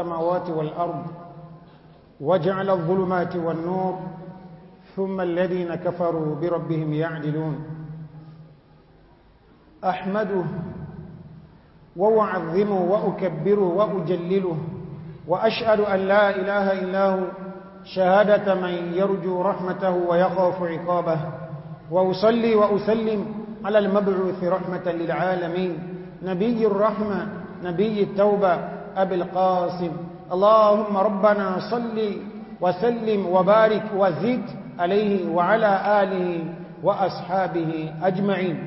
السماوات والأرض وجعل الظلمات والنور ثم الذين كفروا بربهم يعدلون أحمده وأعظمه وأكبره وأجلله وأشهد أن لا إله إلا هو شهادة من يرجو رحمته ويخاف عقابه وأصلي وأسلم على المبعوث رحمة للعالمين نبي الرحمة نبي التوبة أبي القاسم اللهم ربنا صل وسلم وبارك وزد عليه وعلى آله وأصحابه أجمعين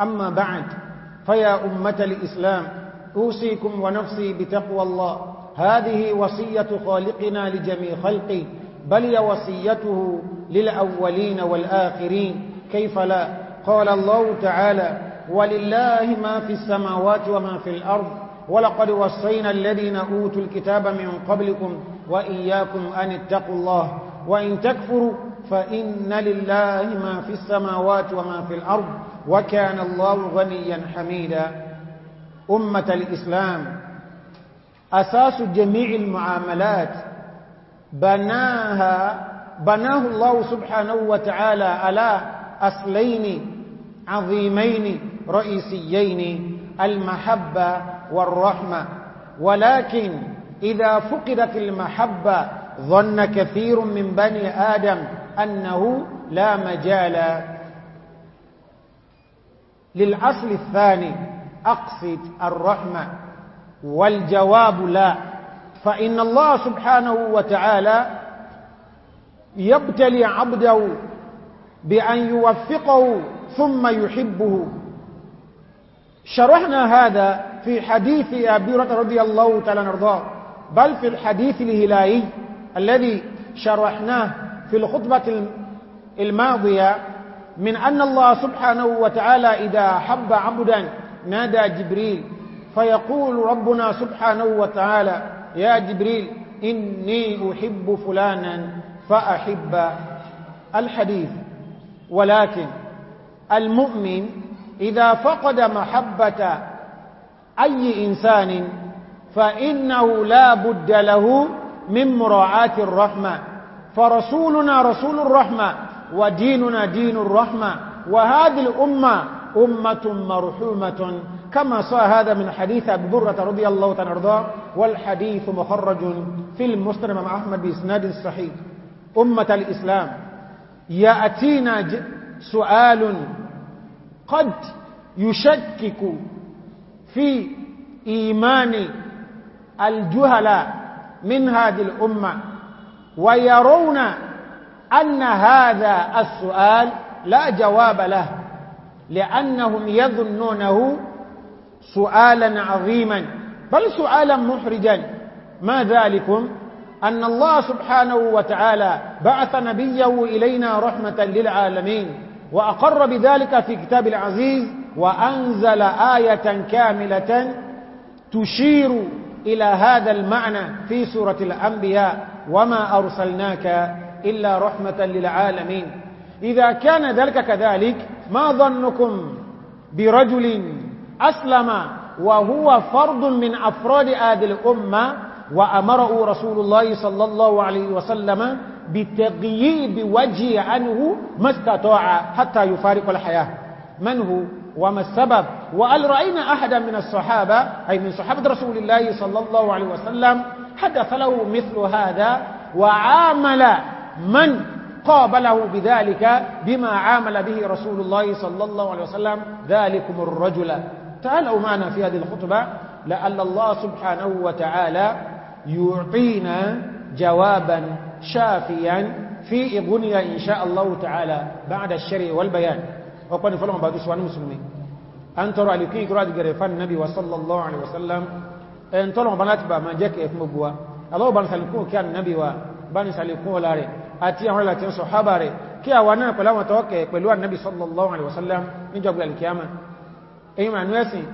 أما بعد فيا أمة الإسلام أوصيكم ونفسي بتقوى الله هذه وصية خالقنا لجميع خلقه بل وصيته للأولين والآخرين كيف لا قال الله تعالى ولله ما في السماوات وما في الأرض ولقد وصينا الذين أوتوا الكتاب من قبلكم وإياكم أن اتقوا الله وإن تكفروا فإن لله ما في السماوات وما في الأرض وكان الله غنيا حميدا أمة الإسلام أساس جميع المعاملات بناها بناه الله سبحانه وتعالى على أصلين عظيمين رئيسيين المحبة والرحمة ولكن إذا فقدت المحبة ظن كثير من بني آدم أنه لا مجال للأصل الثاني أقصد الرحمة والجواب لا فإن الله سبحانه وتعالى يبتلي عبده بأن يوفقه ثم يحبه شرحنا هذا في حديث أبي هريرة رضي الله تعالى نرضاه بل في الحديث الهلالي الذي شرحناه في الخطبة الماضية من أن الله سبحانه وتعالى إذا حب عبدا نادى جبريل فيقول ربنا سبحانه وتعالى يا جبريل إني أحب فلانا فأحب الحديث ولكن المؤمن إذا فقد محبة أي إنسان فإنه لا بد له من مراعاة الرحمة فرسولنا رسول الرحمة وديننا دين الرحمة وهذه الأمة أمة مرحومة كما صار هذا من حديث أبي برة رضي الله تعالى عنه والحديث مخرج في المسلم مع أحمد بإسناد صحيح أمة الإسلام يأتينا سؤال قد يشكك في إيمان الجهلاء من هذه الأمة ويرون أن هذا السؤال لا جواب له لأنهم يظنونه سؤالا عظيما بل سؤالا محرجا ما ذلكم أن الله سبحانه وتعالى بعث نبيه إلينا رحمة للعالمين وأقر بذلك في كتاب العزيز وأنزل آية كاملة تشير إلى هذا المعنى في سورة الأنبياء وما أرسلناك إلا رحمة للعالمين إذا كان ذلك كذلك ما ظنكم برجل أسلم وهو فرد من أفراد هذه الأمة وأمره رسول الله صلى الله عليه وسلم بتغييب وجه عنه ما استطاع حتى يفارق الحياة من هو؟ وما السبب وهل رأينا أحدا من الصحابة أي من صحابة رسول الله صلى الله عليه وسلم حدث له مثل هذا وعامل من قابله بذلك بما عامل به رسول الله صلى الله عليه وسلم ذلكم الرجل تعالوا معنا في هذه الخطبة لعل الله سبحانه وتعالى يعطينا جوابا شافيا في إغنية إن شاء الله تعالى بعد الشري والبيان ọpẹ́ ni fọ́lọ́mọ̀ bá tó ṣwá ní musulmi an tọrọ alikun ikirọ́ àti gẹ̀rẹ̀ fán nabi wasallallahu alaihi wasallam ẹn tọ́lọ̀mọ̀ bá láti bá ma jẹ́ kẹ́ fún gbogbo wa aláwọ̀ bá ní salikun kí a nabi wa bá ní salikun ọlá rẹ̀ àti àwọn láti sọ hábà rẹ̀ kí a wà náà pẹ̀lú àwọn tọ́ọ̀kẹ́ pẹ̀lú annabi sallallahu alaihi wasallam níjọgbẹ̀ alkiyama ẹ̀yìn mànú ẹ̀sìn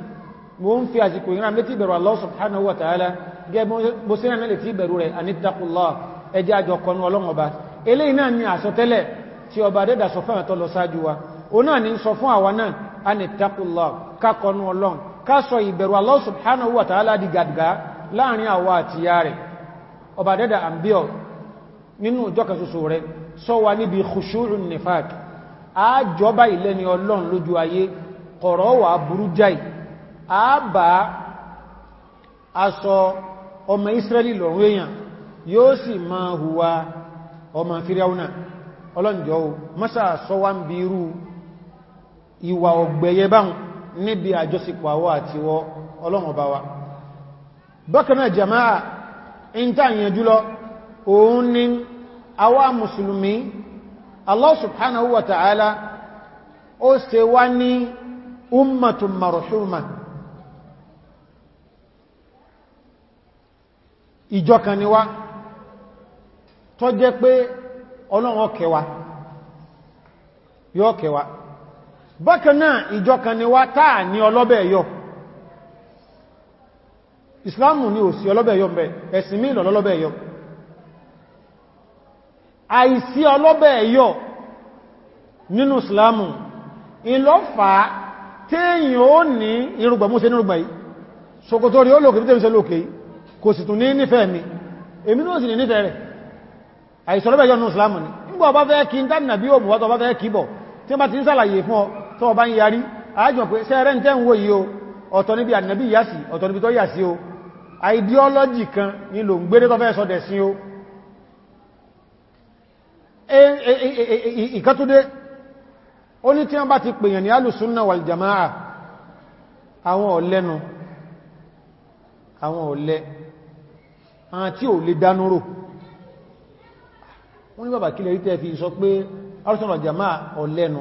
mo ń fi ọba adẹ́dà sọ fẹ́ràn tó lọ sáájú wa o náà ní sọ fún àwọn náà a ní takùlọ kákọnú ọlọ́run ká sọ ìbẹ̀rù Allah subhanahu wa ta'ala di gàdgá láàrin àwa àti ya rẹ̀ ọba dẹ́dà àmbíọ̀ nínú ìjọkẹsọsọ rẹ̀ sọ wa níbi khushu'un nifaq àjọba ilẹ̀ ni ọlọ́run lójú ayé kọ̀rọ̀ wà burú ọmọ Israẹli lọ́rún èèyàn yóò sì máa hùwà ọmọ fíríáúnà ọlọ́njọ́ mọ́sà sọ wá ń bí irú ìwà ọ̀gbẹ̀yẹ báhùn níbi àjọsìpọ̀ àwọ́ àti wọ ọlọ́run ọba wa bákanáà jama'a in ta yẹn jùlọ òun ni awa musulmi Allah subhanahu wa ta'ala o se wa ní ummatun marhuma ìjọ ni wá tó jẹ́ pé ọlọ́run ó kẹ́ wa bákanáà ìjọ kan ni wá táà ní ọlọ́bẹ̀ yọ ìsìláàmù ni ò sí ọlọ́bẹ̀ yọ mẹ́ ẹ̀sìn mí lọ́lọ́bẹ̀ yọ àìsí ọlọ́bẹ̀ yọ nínú ìsìláàmù ìlọ́fà téèyàn ó ní irùgbà mú sí nírùgbà yìí ṣòkòtò rí olókè bí tẹ́mìsẹ́ lókè kò sì tún ní nífẹ̀ẹ́ mi èmi náà ni nígbà ọba fẹ́ kí ń tánàbí òmùwátọ̀ ọba fẹ́ kí bọ̀ tí wọ́n bá ti ń sàlàyé fún ọ tó bá ń yarí àájọ pé sẹ́rẹ́ ń tẹ́ǹwò yìí o ọ̀tọ̀ níbi ànàbí yàsí ọ̀tọ̀ níbi tó yàsí o ideology kan ní lò ń gbéré tó fẹ́ sọ dẹ̀ sí o e, e, e, ìkàtúndé ó ní tí wọ́n bá ti pèèyàn ní alùsúnnà wal jama'a àwọn ọ̀lẹ́nu àwọn ọ̀lẹ́ àwọn tí ò lè dánúrò wọ́n ní bàbá kílẹ̀ rí tẹ́ fi sọ pé alùsúnnà wal ọ̀lẹ́nu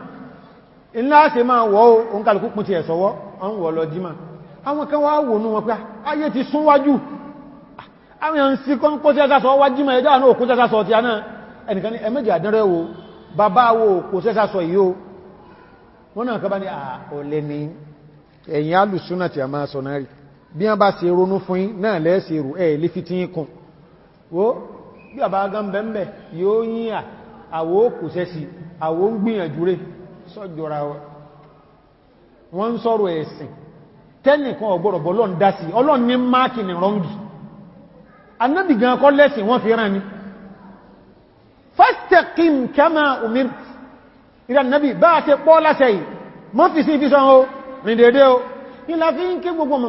ńlá ṣe máa wọ́ oun kàlùkù pín ti ẹ̀sọ́wọ́ ọun wọ́ lọ jímà àwọn kan wá wò ní wọn pé ayé ti sún wájú àwọn èèyàn sí kọ́ ń kó sẹ́sàsọ́ wá jímà ẹjọ́ àwọn òkú sẹ́sàsọ́ ti aná ẹnìkan ní ẹmẹ́jì àdánrẹ́ bàbá wo òkú sẹ́sàsọ́ ni ẹ̀yìn alùsúnà ti a máa sọ náà rí bí wọ́n bá ṣe ronú fún yín náà lẹ́ẹ̀ṣẹ̀ sọ́jọ́ra wọ́n ń sọ̀rọ̀ ẹ̀sìn tẹ́nìkan ọgbọ̀rọ̀ bọ́lọ́n dá sí ọlọ́n ní máàkì ní rọ́ngì annabi gan kọ́ lẹ́sìn wọ́n fi rán ní fastaqim kama umirt ìrìn annabi bá a ṣe pọ́ láṣẹ yìí mọ́ fi sí ìfisàn o rìn dédé o ìlà fi ń ké gbogbo ni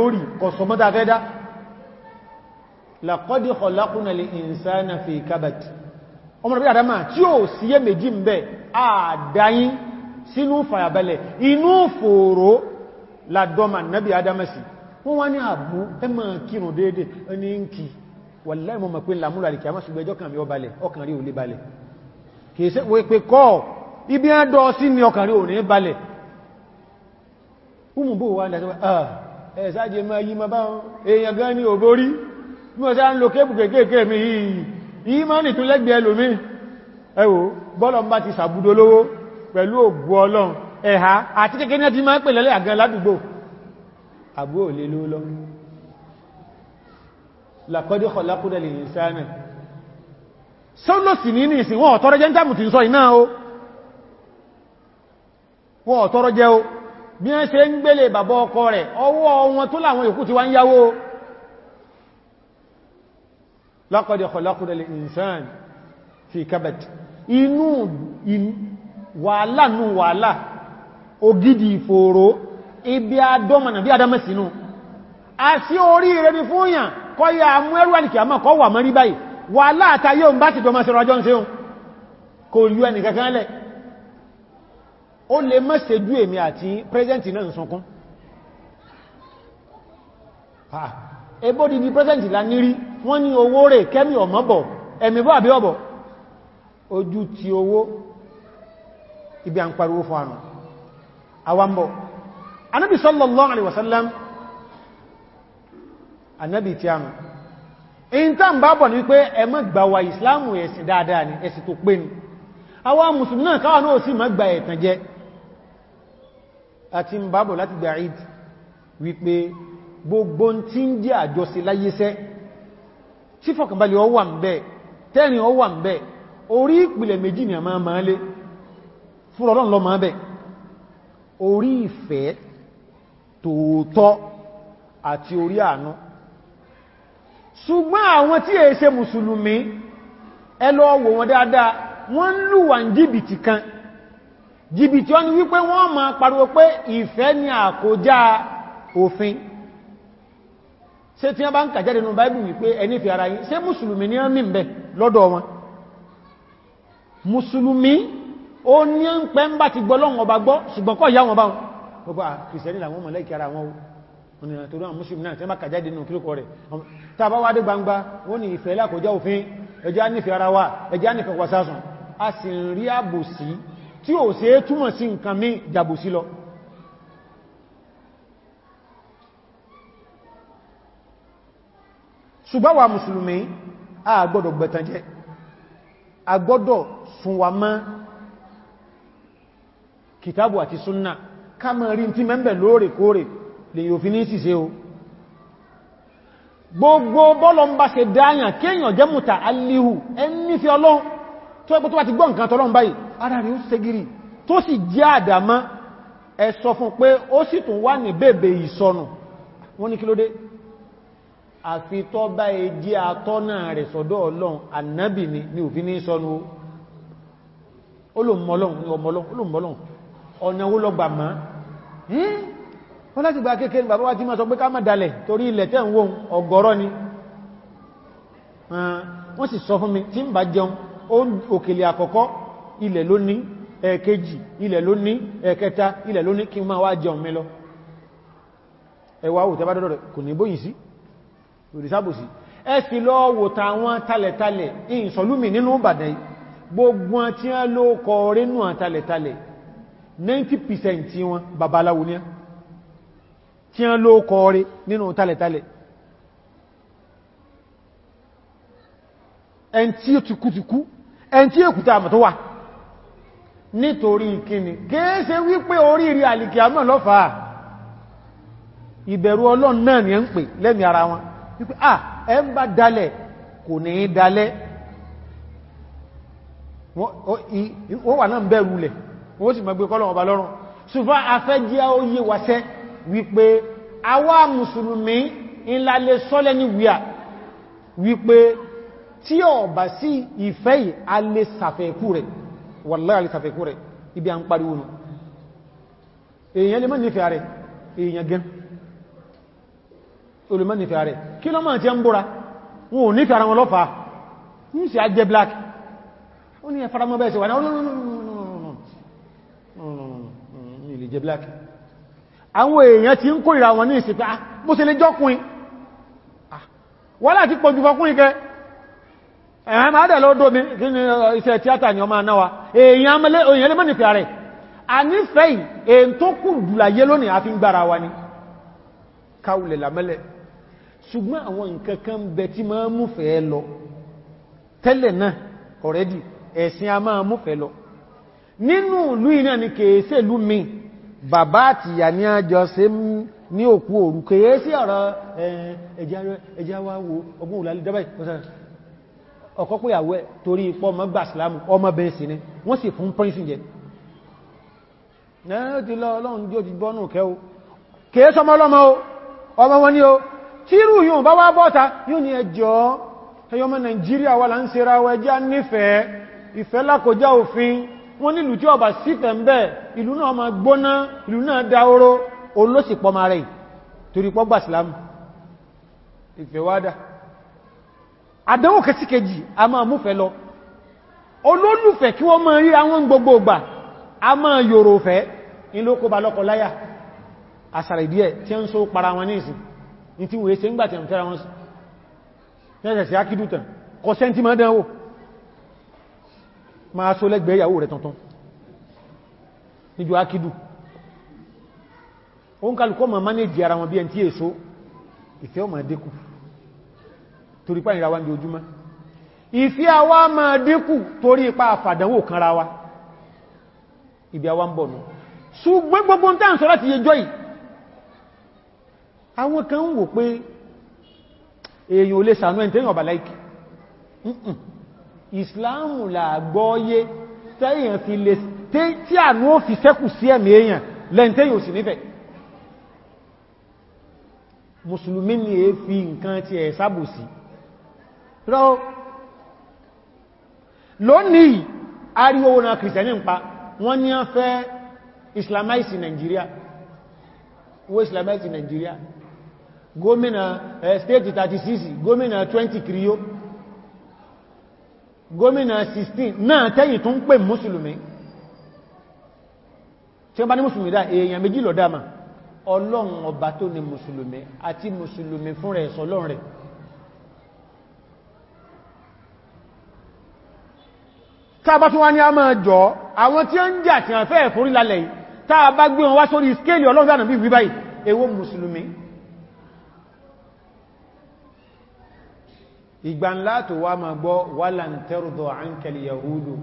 ó rí kọ̀sọ̀mọ́ta fẹ́ làkọ́dí ọlákúnnàlì ìsáàna fi kábàtì ọmọ rẹ̀ àdámà tí ó síyẹ méjì ń bẹ àdáyín sínú fàyàbẹ̀lẹ̀ inú fòòró làdọ́mà nábi adámẹ́sì wọ́n wá ní àbú ẹmà kírùn déédé ẹni ń kí wàláhì mọ̀ pé lámúrà rí kìí ṣùgbẹ́jọ́ kàn rí ọ balẹ̀ ọkàn rí ò lè balẹ̀ kìí ṣe wé pé kọ́ ibi ẹ́dọ́ sí ni ọkàn rí ò wà ní ah, àjọ́ máa yí ma bá èèyàn gan ní òbórí bí wọ́n sá ń lo kébù kéèkéèké mi yìí yìí máa nìtún lẹ́gbẹ̀ẹ́ lómi ẹwò bọ́lọ̀ ń bá ti sàbúdó lówó pẹ̀lú ògbò ọlọ́run ẹ̀há àti kéèké ní ẹti máa pè lẹ́lẹ́ àgán ládùgbò àbúrò lè ló lọ laqad khalaqna al-insana sọ́lọ́ sì bí wọ́n ṣe ń gbélé bàbá ọkọ rẹ̀ ọwọ́ wọn tó láwọn yòókù ti wá ń yáwó laqad khalaqna al-insana fi kabad inú wàhálà nù wàhálà ògidì ìfòòró ibi adọ́mọ̀nà bí adámẹ́sìnú a sí orí rẹ̀ ní fún yàn kọ́ yà mú ẹrù ẹnìkì àmà kọ́ wà mọ́rí báyìí wàhálà àtàyé òun di di pẹ́sẹ̀ntì lá nírí wọ́n ní owó rẹ̀ kẹ́mì ọ̀mọ́bọ̀ ẹ̀mì bọ́ àbí ọ̀bọ̀ ojú ti owó ibi à ń pariwo fún àrùn àwambọ̀ anábi sallallahu alaihi wasallam anábi ti àrùn in tá ń bábọ̀ ní pé ẹ má gbà wa ìsìláàmù ẹ̀sìn dáadáa ni ẹ̀sìn tó pé ni àwọn mùsùlùmí náà káwà náà sì má gba ẹ̀tàn jẹ àti ń bábọ̀ láti gbà ìd wípé gbogbo tí ń jẹ́ àjọsí láyéṣẹ́ tí fọkànbalẹ̀ ó wà ń bẹ tẹ́rin ó wà ń bẹ orí ìpìlẹ̀ méjì ni a máa máa lé fún ọlọ́run lọ máa bẹ̀ orí ìfẹ́ tòótọ́ àti orí àánú ṣùgbọ́n àwọn tí è ṣe mùsùlùmí ẹ wọn dáadáa wọ́n ń lùwà ní jìbìtì kan jìbìtì ó ní wípé wọ́n máa pariwo pé ìfẹ́ ni àkójá òfin ṣe tí wọ́n bá ń kàjáde nù báìbù wípé ẹni fi ara yìí ṣe mùsùlùmí ní ọmọ ìbẹ̀ lọ́dọ̀ wọn mùsùlùmí ó ní ń pẹ́ ń bá ti gbọ́ lọ́wọ́ ọba gbọ́ ṣùgbọ́n kọ́ ìyá wọn bá wọn gbogbo ah, kìrìsìtẹ́nì làwọn ọmọ lẹ́kẹ̀ ara wọn ọ̀nà tó náà mùsùlùmí náà tí wọ́n bá kàjáde nù kílùkọ rẹ̀ tá a bá wádé gbangba wọ́n ní ìfẹ́ lákòjá òfin ẹjẹ́ á nífẹ̀ẹ́ ara wa ẹjẹ́ á nífẹ̀ẹ́ wasásùn a sì ń rí àbòsí tí ò sí túmọ̀ sí nǹkan mí jàbòsí lọ ṣùgbọ́n wa mùsùlùmí a gbọ́dọ̀ gbẹ̀tànjẹ́ a gbọ́dọ̀ sún wa mọ́ kìtàbù àti súnnà ká mọ̀ rí tí mẹ́mbẹ̀ lóòrèkóòrè lè yóò fi ní ṣìṣe o gbogbo bọ́lọ ń bá ṣe dáyàn kéèyàn jẹ́ mùta alihu ẹni fi ọlọ́run tó ẹgbẹ́ tó bá ti gbọ́ segiri tó sì jẹ́ àdàmá ẹ sọ fún pé ó sì tún àfi tọ́ bá ẹjí e àtọ́nà rẹ̀ sọ́dọ̀ ọlọ́run ànábì ni ni òfin ní sọ́nu olùmọ́lọ́run ọ̀nà owó lọ́gbà má hmm? wọ́n láti gba kékeré bàbá wá tí máa sọ pé ká má dalẹ̀ torí ilẹ̀ tẹ́ ń wó ọgọ́rọ́ ni wọ́n sì sọ fún mi tí ń bá jẹun òkèlè àkọ́kọ́ ilẹ̀ ló ní ẹ̀ẹ̀kejì ilẹ̀ ló ní ẹ̀ẹ̀kẹta ilẹ̀ ló ní kí n máa wá jẹun mi lọ ẹwà òtẹ́bádọ́dọ̀ rẹ̀ kò ní bóyìn sí òrìsábòsí ẹ̀sì lọ wò tàwọn talẹ̀talẹ̀ ìsọ̀lúmì nínú Ìbàdàn gbogbo tí wọ́n ló kọ rínú talẹ̀talẹ̀ 90% wọn babaláwo ní tí wọ́n ló kọ rí nínú talẹ̀talẹ̀ ẹn tí ó ti kútukú ẹn tí èkúta àmà tó wà nítorí ìkíni kéése wípé orí ìrìn àlìkì àmà lọ́fàá ìbẹ̀rù Ọlọ́run náà ni ẹ ń pè lẹ́mì ara wípé à ah, ẹ ń bá dalẹ̀ kò ní dalẹ̀ wọ́n wà náà bẹ̀rù lẹ̀ wọ́n sì mọ̀ gbé kọ́lọ̀ ọba lọ́rùn ṣùgbọ́n afẹ́jíà ó yé wàṣẹ́ wípé àwa mùsùlùmí ńlá lè sọ́lẹ̀ ní wíà wípé tí ọ̀bá sí ìfẹ́ yìí a lè sàfẹ́kú rẹ̀ wàlá lè sàfẹ́kú rẹ̀ ibi à ń pariwo nù èèyàn lè mọ́ nífẹ̀ẹ́ rẹ̀ olùmọ́ nífẹ́ rẹ̀ kí lọ máa tí ó ń búra wọn ò nífẹ́ ara wọn lọ́fàá ní sí ajẹ́ black ó ní ẹfara mọ́ bẹ́ẹ̀ sí wà ní ilé jẹ́ black àwọn èèyàn ti ń kó ìrà wọn ní ìsìnká bó ṣe lè jọ́kùnrin wọ́n láti pọ̀ jù fọkùnrin kẹ ẹ̀hàn máa dẹ̀ lọ́dọ̀ mi kí ni iṣẹ́ tíátà ni ọmọ anáwa èèyàn lè mọ́ nífẹ́ rẹ̀ a nífẹ́ èyí tó kù jùlàyé lónìí a fi ń gbára wa ni káulẹ̀ làmẹ́lẹ̀ ṣùgbọ́n àwọn nǹkan kan bẹ tí máa múfẹ́ lọ tẹ́lẹ̀ náà ọ̀rẹ́dì ẹ̀sìn a máa múfẹ́ lọ nínú ìlú iná ni kèèsè lú mi bàbá àti ìyà ní àjọ se ní òkú òru kèèsè ọ̀rọ̀ ẹjá wá wo ọgbọ́n òlàlẹ́ dábàí ọkọ pé àwẹ́ torí ipọ́ ọmọ gbà sílámù ọmọ bẹ̀rẹ̀ sí ni wọ́n sì fún ọmọ wọn ni o tírù yóò bá wá bọ́ta yóò ní ẹjọ́ ẹyọmọ Nàìjíríà wà láńsẹ́ra ẹjá nífẹ̀ẹ́ ìfẹ́ lákòjá òfin wọ́n nílùú tí ọba sífẹ̀ ń bẹ́ ìlú náà ma gbóná ìlú náà dáoró olóṣìpọ̀ ma rẹ̀ torí pọ́ gbà sílámù ìfẹ́wádà àdánwò kẹsíkẹjì a máa múfẹ́ ní tí wòye se ń gbàtẹ̀ ìrùntẹ́ra wọn lẹ́sẹ̀ sí akídùtàn kọ sẹ́ntí máa dánwò máa só lẹ́gbẹ̀ẹ́ ìyàwó rẹ̀ tuntun níjú akídù ó ń kálùkọ́ ma mánéjì ara wọn bí ẹn tí èso ìfẹ́ ọmọ dínkù torí pa ìràwà ní ojúmọ́ ìfẹ́ àwa máa dínkù torí ipa àfàdánwò kanra wa ibi àwa ń bọ̀ nù ṣùgbọ́n gbogbo ń tàn sọ láti yẹjọ́ yìí àwọn kan wò pé èèyàn ò lè sànú ẹni tẹ́yìn ọ̀bà láìkì ìsìláàmù làgbọ́yé tẹ́yìn fi lè tí àánú ó fi sẹ́kù sí ẹ̀mí èèyàn lẹ́n tẹ́yìn ò sì nífẹ̀ mùsùlùmí ni è fi nǹkan ti ẹ̀ sábòsí rọ́ lónìí ariwo na kìrìsìtẹ́nì ń pa wọ́n ní a fẹ́ islamize Nigeria wo islamize Nigeria gómìnà eh, state 36 gómìnà 20 kiriyo gómìnà 16 náà tẹ́yìn tó ń pè mùsùlùmí tí ó bá ní mùsùlùmí dá èèyàn méjì lọ dáma ọlọ́run ọba tó ní mùsùlùmí àti mùsùlùmí fún rẹ̀ sọlọ́run rẹ̀ tàbá tún wá ní a máa jọ àwọn tí ó ń jà tí wọ́n fẹ́ ẹ̀fórí lálẹ̀ yìí tàbá gbé wọn wá sórí skéèlì ọlọ́run bí wíbáyìí èwo mùsùlùmí ìgbà ńlá tó wá ma gbọ́ walan tarda ankal yahudu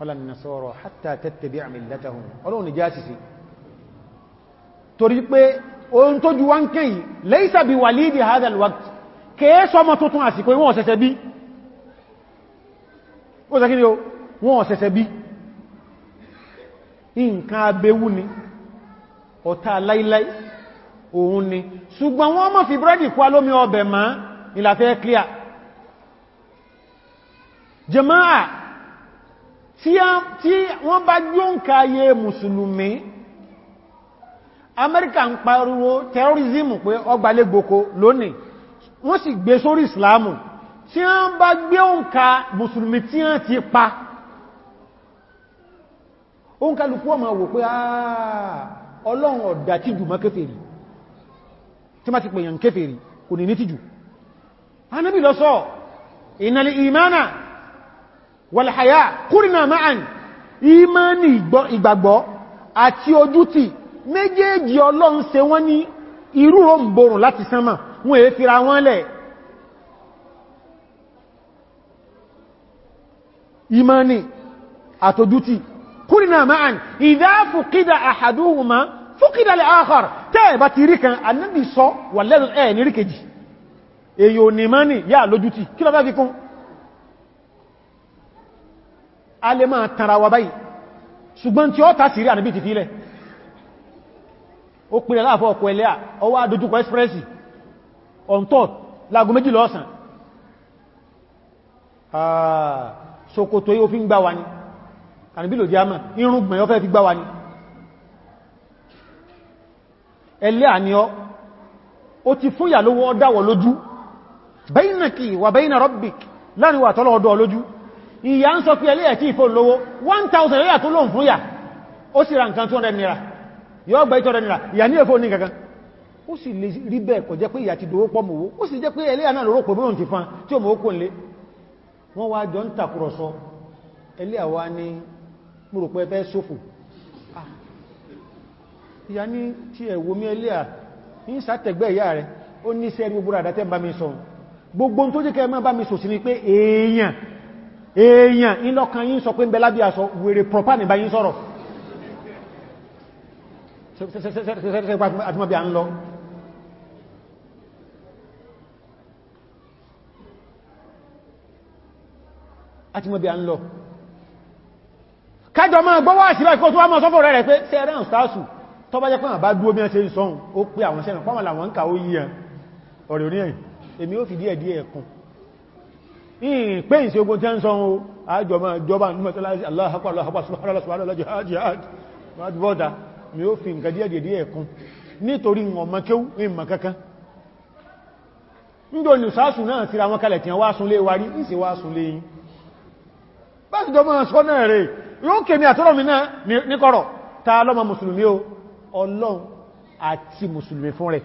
walan nasara hatta tattabi'a millatahum ọlọ́run ni jásìsì torí pé ohun tó ju wọ́n kẹ́yì laysa bi walidi hadha alwaqt tuntun àsìkò ìlàfẹ́ clear jama'a tí wọ́n bá jóǹkà ayé mùsùlùmí amẹ́ríkà ń pariwo terrorism pé ọgbàlẹ̀ gboko lónìí wọ́n sì gbé sórí islamu tí wọ́n bá gbé òǹkà mùsùlùmí tí wọ́n ti pa òǹkà lùkú ọmọ wò pé ọlọ́run ọ̀dà tíjù mọ́ kéfèrí tí má ti pèyàn kéfèrí kò ní ní tíjù anábì lọ sọ ìnàlì ìmánà wàlàhàyà kúrìnà máa ìmánì ìgbàgbọ́ àti ojútì méjèèjì ọlọ́run ṣe wọ́n ní irú òǹborùn láti sánmà wọ́n èé fira wọ́n lẹ̀ ìmánì àtojútì kúrìnà máa ìdá fùkídà àhàdúhùmá fùkídà lẹ́ àkàr tẹ́ẹ̀bá ti rí kan annabi sọ wà lẹ́rùn ẹ̀ ní ríkejì èyí ò ní mọ́ ní yà lójútì kí lọ bá fi kún a lè máa tara wa báyìí ṣùgbọ́n tí ó ta sí rí ànàbí ti fílẹ̀ ó pínlẹ̀ láàfọ́ ọkọ̀ ẹlẹ́à ọwọ́ adójúkọ ẹ́sìpírẹ́sì ọ̀ntọ́ lágún méjì lọ́sàn ah, ṣòkòtò yóò ó ti fún ìyàlówó ọdáwọ̀ lójú bẹ́ẹ̀nàkì wà bẹ́ẹ̀nà rọ́bìk láàrin wà tọ́lọ́ ọdọ́ olójú ìyà ń sọ pé ẹlẹ́ ẹ̀tí ìfòun lówó 1000 lẹ́yà tó lóun fún yà ó sì ra nǹkan 200 nira yóò gba 200 naira ìyà ní èfò ní kankan ó sì lè rí bẹ́ẹ̀ kọ̀ pé ìyà ti dòwó pọ̀ mọ̀wó ó sì jẹ́ pé lóró ti fan tí ó mọ̀ wọ́n wá jọ ń ní gbogbo tó jẹ́ kẹ́ẹ̀mọ́ bá mi sòsí ni pé èèyàn èèyàn ìlọ́kan yí ń sọ pé ń bẹ lábí aṣọ wèrè proper ní bá yí ń sọ̀rọ̀ kájọ máa gbọ́wọ́ àṣírá ìkó tó wá mọ́ sọ́fọ́ rẹ̀ rẹ̀ pé sẹ́rẹ̀ ìstásù tọ́bá jẹ́ pé àbá dúó bí ẹ́ ṣe ń sọ́hun ó pé àwọn sẹ́rẹ̀ pọ́mọ̀lá wọn ń kà ó yíyàn ọ̀rẹ̀ oníyàn èmi ó fi díẹ̀ díẹ̀ ẹ̀kùn ìpé ìṣe ogun tẹ́ ń sọ ohun àjọmọ̀ ìjọba ní mọ́sálásí Allahu Akbar subhanallah jihad bọ́ta mi ó fi nǹkan díẹ̀ díẹ̀ ẹ̀kùn nítorí ọmọkéw ìmọ̀ kankan nígbò ní sáàsù náà tíra wọn kalẹ̀ tí wá súnlé wa rí ìsì wá súnlé yìí bá ti jọmọ́ sọ náà rẹ̀ yóò kèmí àtọ́rọ̀ mi náà ní kọ̀rọ̀ ta lọ́mọ mùsùlùmí o ọlọ́run àti mùsùlùmí fún rẹ̀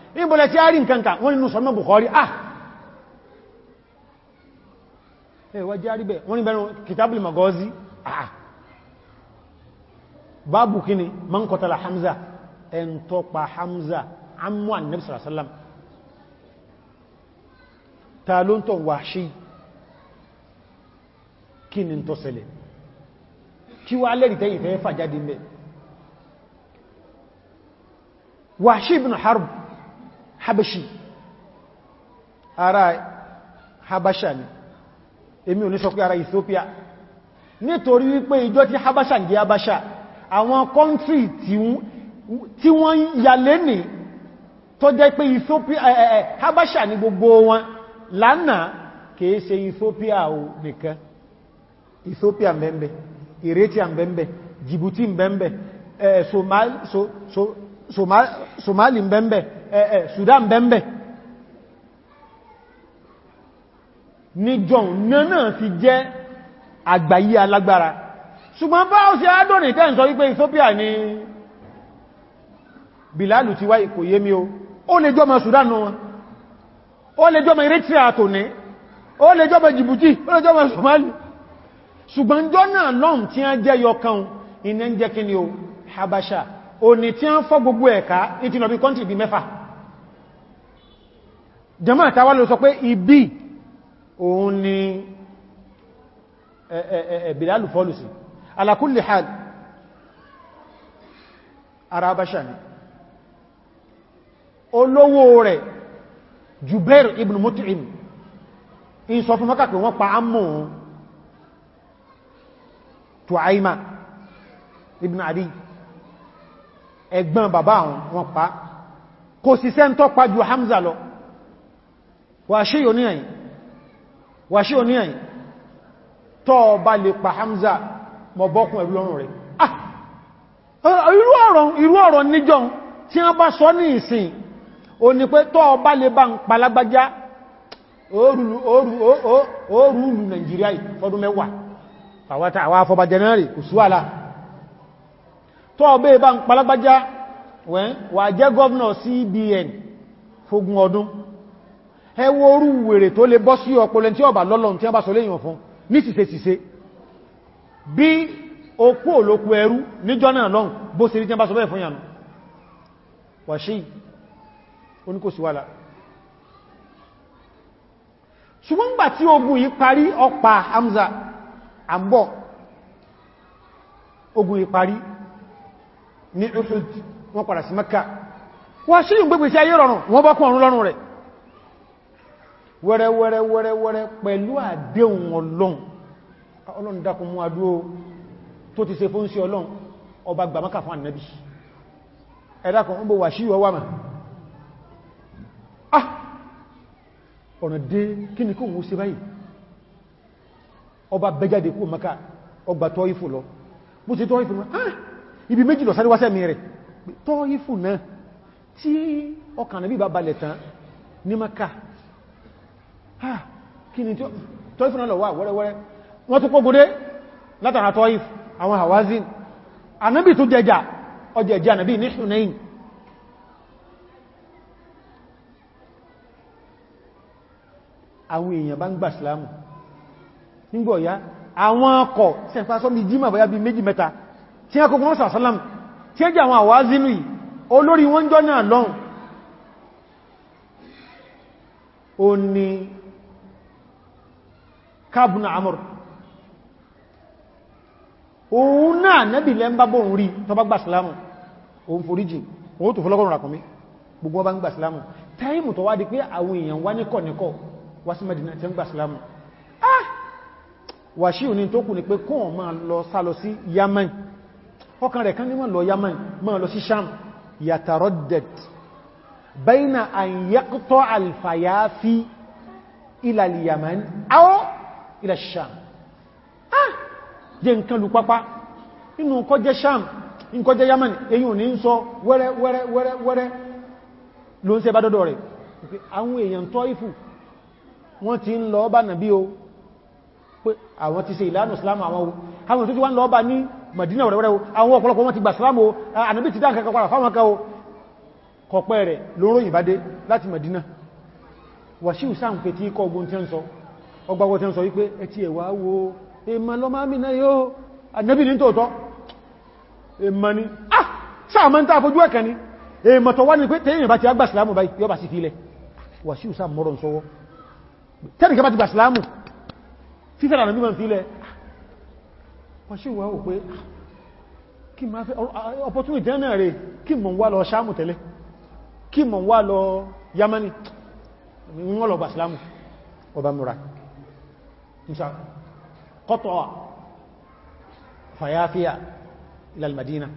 níbọ̀lẹ̀ tí a rí nkankan wọ́n nínú sọmọ́ Bukhari ah ẹwà jẹ́ àríbẹ̀ wọ́n ní bẹ̀rún Kitabul Maghazi ah báàbù kíni man qatala Hamza ẹn tó pa Hamza amú annabi sallam ta ló ń tọ́ Wahshi kí ni tó ṣẹlẹ̀ kí wá lẹ́rìí tẹ́yìn fẹ́ fà jáde mẹ́ Wahshi ibn Harb habashi ara habasha ni èmi ò ní sọ ara Ethiopia nítorí wípé ìjọ tí habasha ń jẹ́ habasha àwọn kọ́ntrí tí wọ́n yalé ní tó jẹ́ pé Ethiopia habasha ni gbogbo wọn lánàá kìí ṣe Ethiopia ò nìkan Ethiopia mbembe, Eritrea mbembe, Djibouti mbẹ̀mbẹ̀ Somali mbembe. Eh, eh, Sudan bẹ́m̀bẹ̀ ni john náà fi jẹ́ àgbáyé alágbára ṣùgbọ́n bá ó sì adọ́nì tẹ́ ń wípé Ethiopia ni Bilalu ti wá kò yé mi o ó lè jọmọ Sudan wọn ó lè jọmọ Eritrea tò ní ó lè jọmọ Djibouti ó lè jọmọ Somali ṣùgbọ́n jọ náà lọ́n tí a jẹ́ yọkan iná ń o Habasha òní tí a ń fọ́ gbogbo ẹ̀ka ìtìlọ̀bí kọ́ntì bí mẹ́fà jẹmọ́ àtàwà ló sọ pé ibi òun ni ẹ̀bìlálù eh, eh, eh, fọ́lùsì ala kulli hal ara báṣà ni olówó rẹ̀ Jubair ibn Mut'im in sọ fún mọ́kà pé wọ́n pa ámù Tu'aima ibn Adi ẹgbọ́n bàbá wọn pa kò sí sẹ́ntọ́ pa ju Hamza lọ wàṣí oníyàn tọ́ bá lè pa Hamza mọ̀ bọ́kún ẹ̀rù lọ́rùn rẹ̀ ah! irú ọ̀rọ̀ níjọun tí wọ́n bá sọ ní ìsìn o ní pé tọ́ bá lè bá ń palágbájá oòrùn Nàìjíríà fọdún mẹ́wàá àwọn afọba jẹnẹ́rì kò súwàlá tọ́ bá ń palágbájá wà jẹ́ gọ́ọ̀nà CBN fógún ọdún ẹwọ orú wèrè tó lè bọ́ sí ọpọlẹ tí ọba lọ́lọ́n tí a bá sọ léyìn ọ̀fún ní ṣìṣe ṣìṣe bí okú olókú ẹrú níjọ́ náà lọ́n bó ṣe rí tí a bá sọ bẹ́ẹ̀ fún yànà wàṣí oníkòsíwàlá ṣùgbọ́n gbà Hamza àmbọ̀ ogun yìí parí ní Uhud wọ́n padà sí Mẹ́kà wàṣí ìgbégbèsí ayé rọrùn wọ́n bọ́kún ọ̀run wẹ́rẹ́wẹ́rẹ́wẹ́rẹ́ pẹ̀lú àdéhùn ọlọ́run ọlọ́run dákun mú adúró tó ti ṣe fún sí ọlọ́run ọba gbàmọ́kà fún ànẹ́bí ẹ̀dàkùn ń bò wà sí ọwà mà ah ọ̀nà dé kí ni kó wọ́n ṣe báyìí ọba bẹ́jáde kó maka ọgbà tọ́ ìfò ah ibi méjì lọ sáríwáṣẹ́ mi rẹ̀ tọ́ ìfò náà tí maka kí ni tọ́ìfù náà lọ wà wẹ́rẹ́wẹ́rẹ́ wọ́n tún kógúdé látara tọ́ìfù àwọn hawazin anábì tó jẹjà ọjẹ̀jẹ̀ anábì ní ṣùnẹ́yìn àwọn èèyàn bá ń gbà sílámù nígbọ̀ ya àwọn ọkọ̀ tí ẹ̀fà sọ́ ní jíma bóyá bí méjì mẹ́ta tí a kòkòrò sàásálàmù tí ẹjẹ́ àwọn àwázínú yìí olórí wọ́n jọ náà lọ́n o ni kábùnà amur òun náà nẹ́bì lẹ́mbàbọ̀ ń rí tọba gbà sílámù òun foríjì òun tó fọ́lọ́gọ́rùn rakùnmí gbogbo ọba ń gbà sílámù táìmù tó wá di pé àwọn èèyàn wá ní kọ̀nẹ́kọ̀ wá sí Mẹ́dínà tí ń gbà sílámù ah wàṣí òní tó kù ní pé kóhùn máa lọ sálọ sí Yaman ọkàn rẹ̀ kan ní lọ Yaman máa lọ sí Sham yataraddat bayna an yaqta al-fayafi ila ilẹ̀ sham ah jẹ nǹkan lù pápá inú kọ jẹ sham nǹkan jẹ yaman èyí ò ní ń sọ wẹ́rẹ́ wẹ́rẹ́ wẹ́rẹ́ wẹ́rẹ́ ló ń ṣe bá dọ́dọ̀ rẹ̀ àwọn èèyàn tọ́ ìfù wọ́n ti ń lọ bá nàbí o pé àwọn ti ṣe ìlànà islamu àwọn o àwọn tó ti wá ń lọ bá ní madina wẹ́rẹ́wẹ́rẹ́ o àwọn ọ̀pọ̀lọpọ̀ wọn ti gbà islamu o ànàbí ti dá nǹkan fáwọn kan o kọ̀pẹ́ rẹ̀ lóróyìn bá dé láti madina wàṣíù sáà ń pè tí kọ́ ogun tí ń sọ ọgbàgbọ́ tí wọ́n sọ wípé ẹtí ẹ̀wà wo èmà lọ máa mìíràn yóò ànẹ́bì ní tòótọ́ èmà ni ah sáàmà ń tàà fojú ẹ̀kẹ́ ni èmà tọ́ wá ní pé tẹ́yìn bá ti agbà sílámù báyìí yọ́ bá sí fílẹ̀ wà sí ìsá mọ́rọ̀ sọwọ́ tẹ́nìkẹ́ ah! opportunity náà rẹ̀ kí mọ̀ wá lọ yamani wọ́n lọ gbà ọba múra مش قطع فيافيا الى المدينه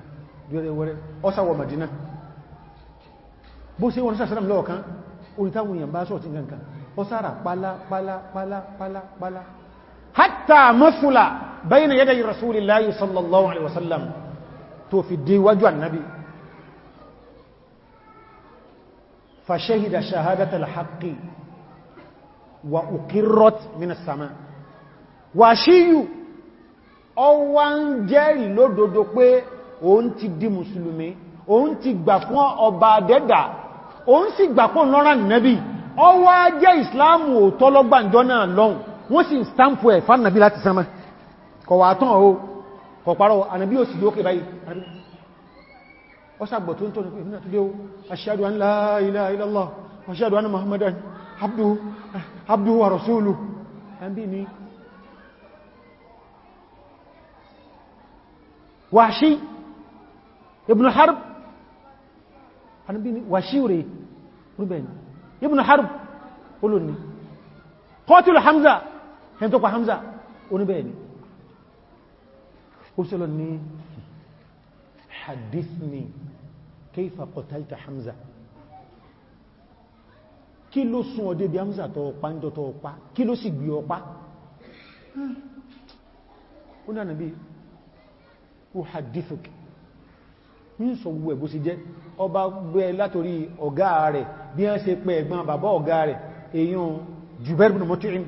دوري مدينه بوسي ورسول الله لو كان ولتام يانبا سو تي نكان اوسارا بالا بلا بالا بالا بالا حتى مفلا بين يدي رسول الله صلى الله عليه وسلم توفي دي وجه النبي فشهد شهاده الحق واقرت من السماء wàṣíyù ọwá ń jẹ́rì lódodo pé òun ti di mùsùlùmí òun ti gbà fún ọba dẹ́dà òun sì gbà fún lọ́rà nẹ́bí ọwá jẹ́ ìsìláàmù òtọ́ lọ́gbàǹjọ́ náà lọ́hùn wọ́n sì stampu ẹ̀ fánàbí láti sánmà kọ̀wà tán o kọ̀parọ̀ ànàbí ò sì dókè báyìí ọsàgbọ̀ tó ń tọ́nà pé ìfúnnà tó dé wàṣí ibn harb anabi ni wàṣí rẹ̀ rúbẹ̀ni ibn harb olóni kọtílù hamza ẹni tó pa hamza oníbẹ̀ẹ̀ni òṣèlò ní hadithni kayfa qatalta hamza kí ló sún ọdé bí hamza tó pa ń jọ tó pa kí ló sì gbí ọpa hmm. ó ní ànàbí uhadithuki ní sọ̀wọ́ ẹ̀bó sí jẹ́ ọba gbé látorí ọ̀gá rẹ̀ bí wọ́n ṣe pẹ ẹ̀gbọ́n bàbá ọ̀gá rẹ̀ èyàn Jubair bin Mut'im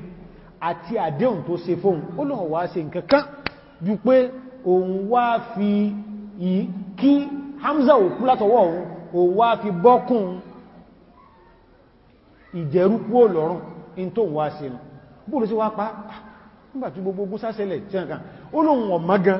àti àdéhùn tó ṣe fóun ó lọ́n wá ṣe nǹkankan ju pé òun wá fi kí Hamza òkú látọwọ́ òun òun wá fi bọ́kùn ìjẹrúkú olọ́rùn in tó wá ṣe nù bóòlù sí wá pa ah, nígbàtí gbogbo sáṣẹ́lẹ̀ tí ó lóun ọ̀mọ́gan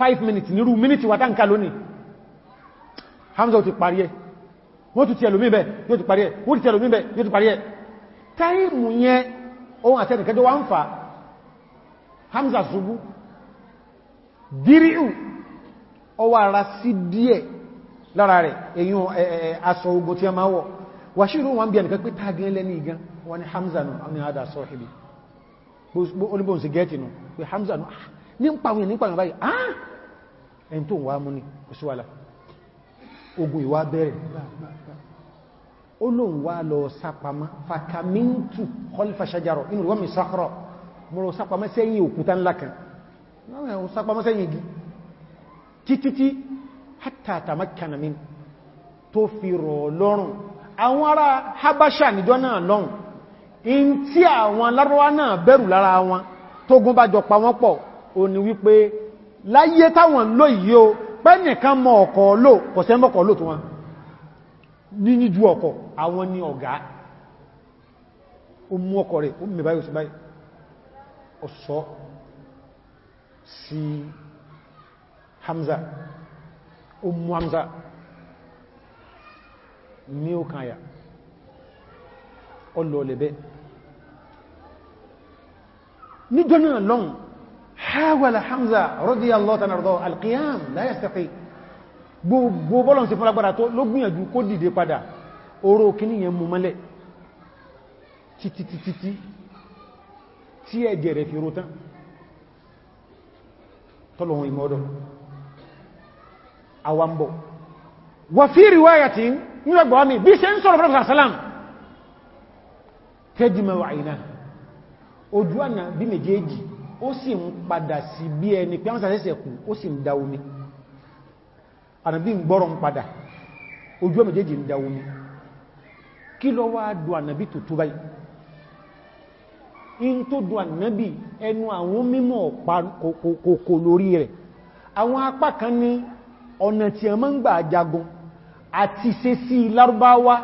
5 minutes nírú minute wà tánkà lónìí Hamza ó ti parí ẹ wọ́n tún ti ẹlòmí bẹ̀ yóò ti parí ẹ wọ́n ti ẹlòmí bẹ̀ yóò ti parí ẹ táìmù yẹn ohun àti ẹnìkẹjọ wá ń fa Hamza ṣubú dírìú ọwọ́ ara sí díẹ̀ lára rẹ̀ èyàn aṣọ ogun tí a máa wọ̀ wàṣírò wọn bí ẹnìkan pé tàbí ẹlẹ́ni igan wọn ni Hamza nù ní àdà sọ́ọ̀hìbì olúbọ̀nsì gẹ́ẹ̀tì nù pé Hamza nù ah, ní pàwọn ní pàwọn báyìí ah, ẹni tó wà mú ní kò sí wàlá ogun ìwà bẹ̀rẹ̀ ó lóun wá lọ sápamá fàkàmíntù kọlfà ṣajarọ̀ inú wọ́n mi sákrọ̀ mọ́rọ̀ sápamá sẹ́yìn òkúta ńlá kan sápamá sẹ́yìn igi títítí hátà tàmákànà mi habasha nìjọ náà lọ́rùn in tí àwọn alárọ́wá náà bẹ̀rù lára wọn tó gún pa wọ́n pọ̀ ó láyé táwọn ló yìí o pẹ́nìkan mọ ọkọ̀ lò kọ̀sẹ́ mọ́kọ̀ lò tó wọn ní níjú ọkọ̀ àwọn ni ọ̀gá o mú ọkọ̀ rẹ̀ o mẹ́bàá yóò sí báyìí ọ̀sọ́ sí Hamza o mú Hamza ní ó kànyà ọlọ́ọ̀lẹ̀bẹ́ níjọ́ náà lọ́hùn حاول حمزة رضي الله تعالى عنه القيام لا يستطيع gbogbo bọ́lọ̀ sí fúnlágbára tó ló gbìyànjú kó dìde padà oró kìíní yẹn mú mọ́lẹ̀ títítítí tí ẹ̀jẹ̀ rẹ̀ fi ró tán tọ́lọ̀wọ̀n ìmọ́dọ̀ àwambọ̀ wà fí ríwáyàtí nílọ́gbọ̀ mi bí ṣe ń sọ̀rọ̀ fún sàlám kẹjì mẹ́wàá ìná ojú àná bí méjèèjì ó sì ń padà sí bí ẹni pé àwọn sàṣẹ́sẹ̀ kù ó sì ń da omi ànàbí ń gbọ́rọ̀ ń padà ojú ọmọ jẹ́jì ń da omi kí lọ wá dùn ànàbí tó tó báyìí in tó dùn ànàbí ẹnu àwọn mímọ̀ kòkò lórí rẹ̀ àwọn apá kan ní ọ̀nà tí a máa ń gbà jagun àti ṣe sí lárúbáwá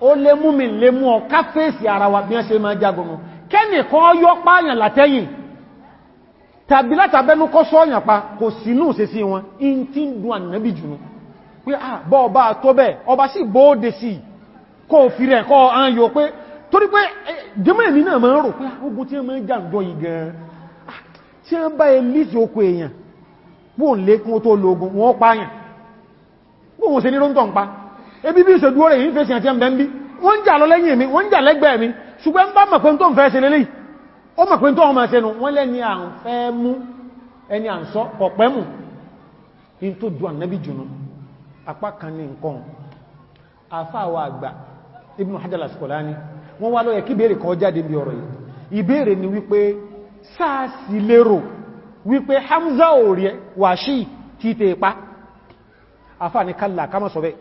ó lé mú mi lé mú ọ káfẹ́ẹ̀sì ara wa bí wọ́n ṣe máa jagun kẹ́nìkan yọ pààyàn látẹ́yìn tàbí látàbẹ́nú kọ́ sọ́ọ̀yàn pa kò sínú ṣe sí wọn in tí ń dùn ànàbí jùnú pé à ah, bọ́ ọba tó bẹ́ ọba sì bóòdè sí kó fi rẹ̀ kọ́ án yóò pé torí pé eh, jẹ́mọ́ èmì náà máa ń rò pé ah, ogun tí ah, tí wọ́n bá se ní róńtọ̀ ń pa ebi jà mi wọ́n mi ṣùgbọ́n bá mọ̀ pé ń fẹ́ ó mọ̀ pé tó ọmọ ẹsẹ̀nu wọ́n lẹ́ni à ń fẹ́ mú ẹni à ń sọ ọ̀pẹ́ mù in tó ju ànábì jùnú apá kan ní nǹkan àfáàwà àgbà Ibn Hajar al-Asqalani wọ́n wá lọ́yẹ̀ kí béèrè kan jáde bí ọ̀rọ̀ yìí ìbéèrè ni wípé sáàsì lérò Hamza orí wà sí ti tè pa afá ní kálà ká mọ́ sọ́bẹ̀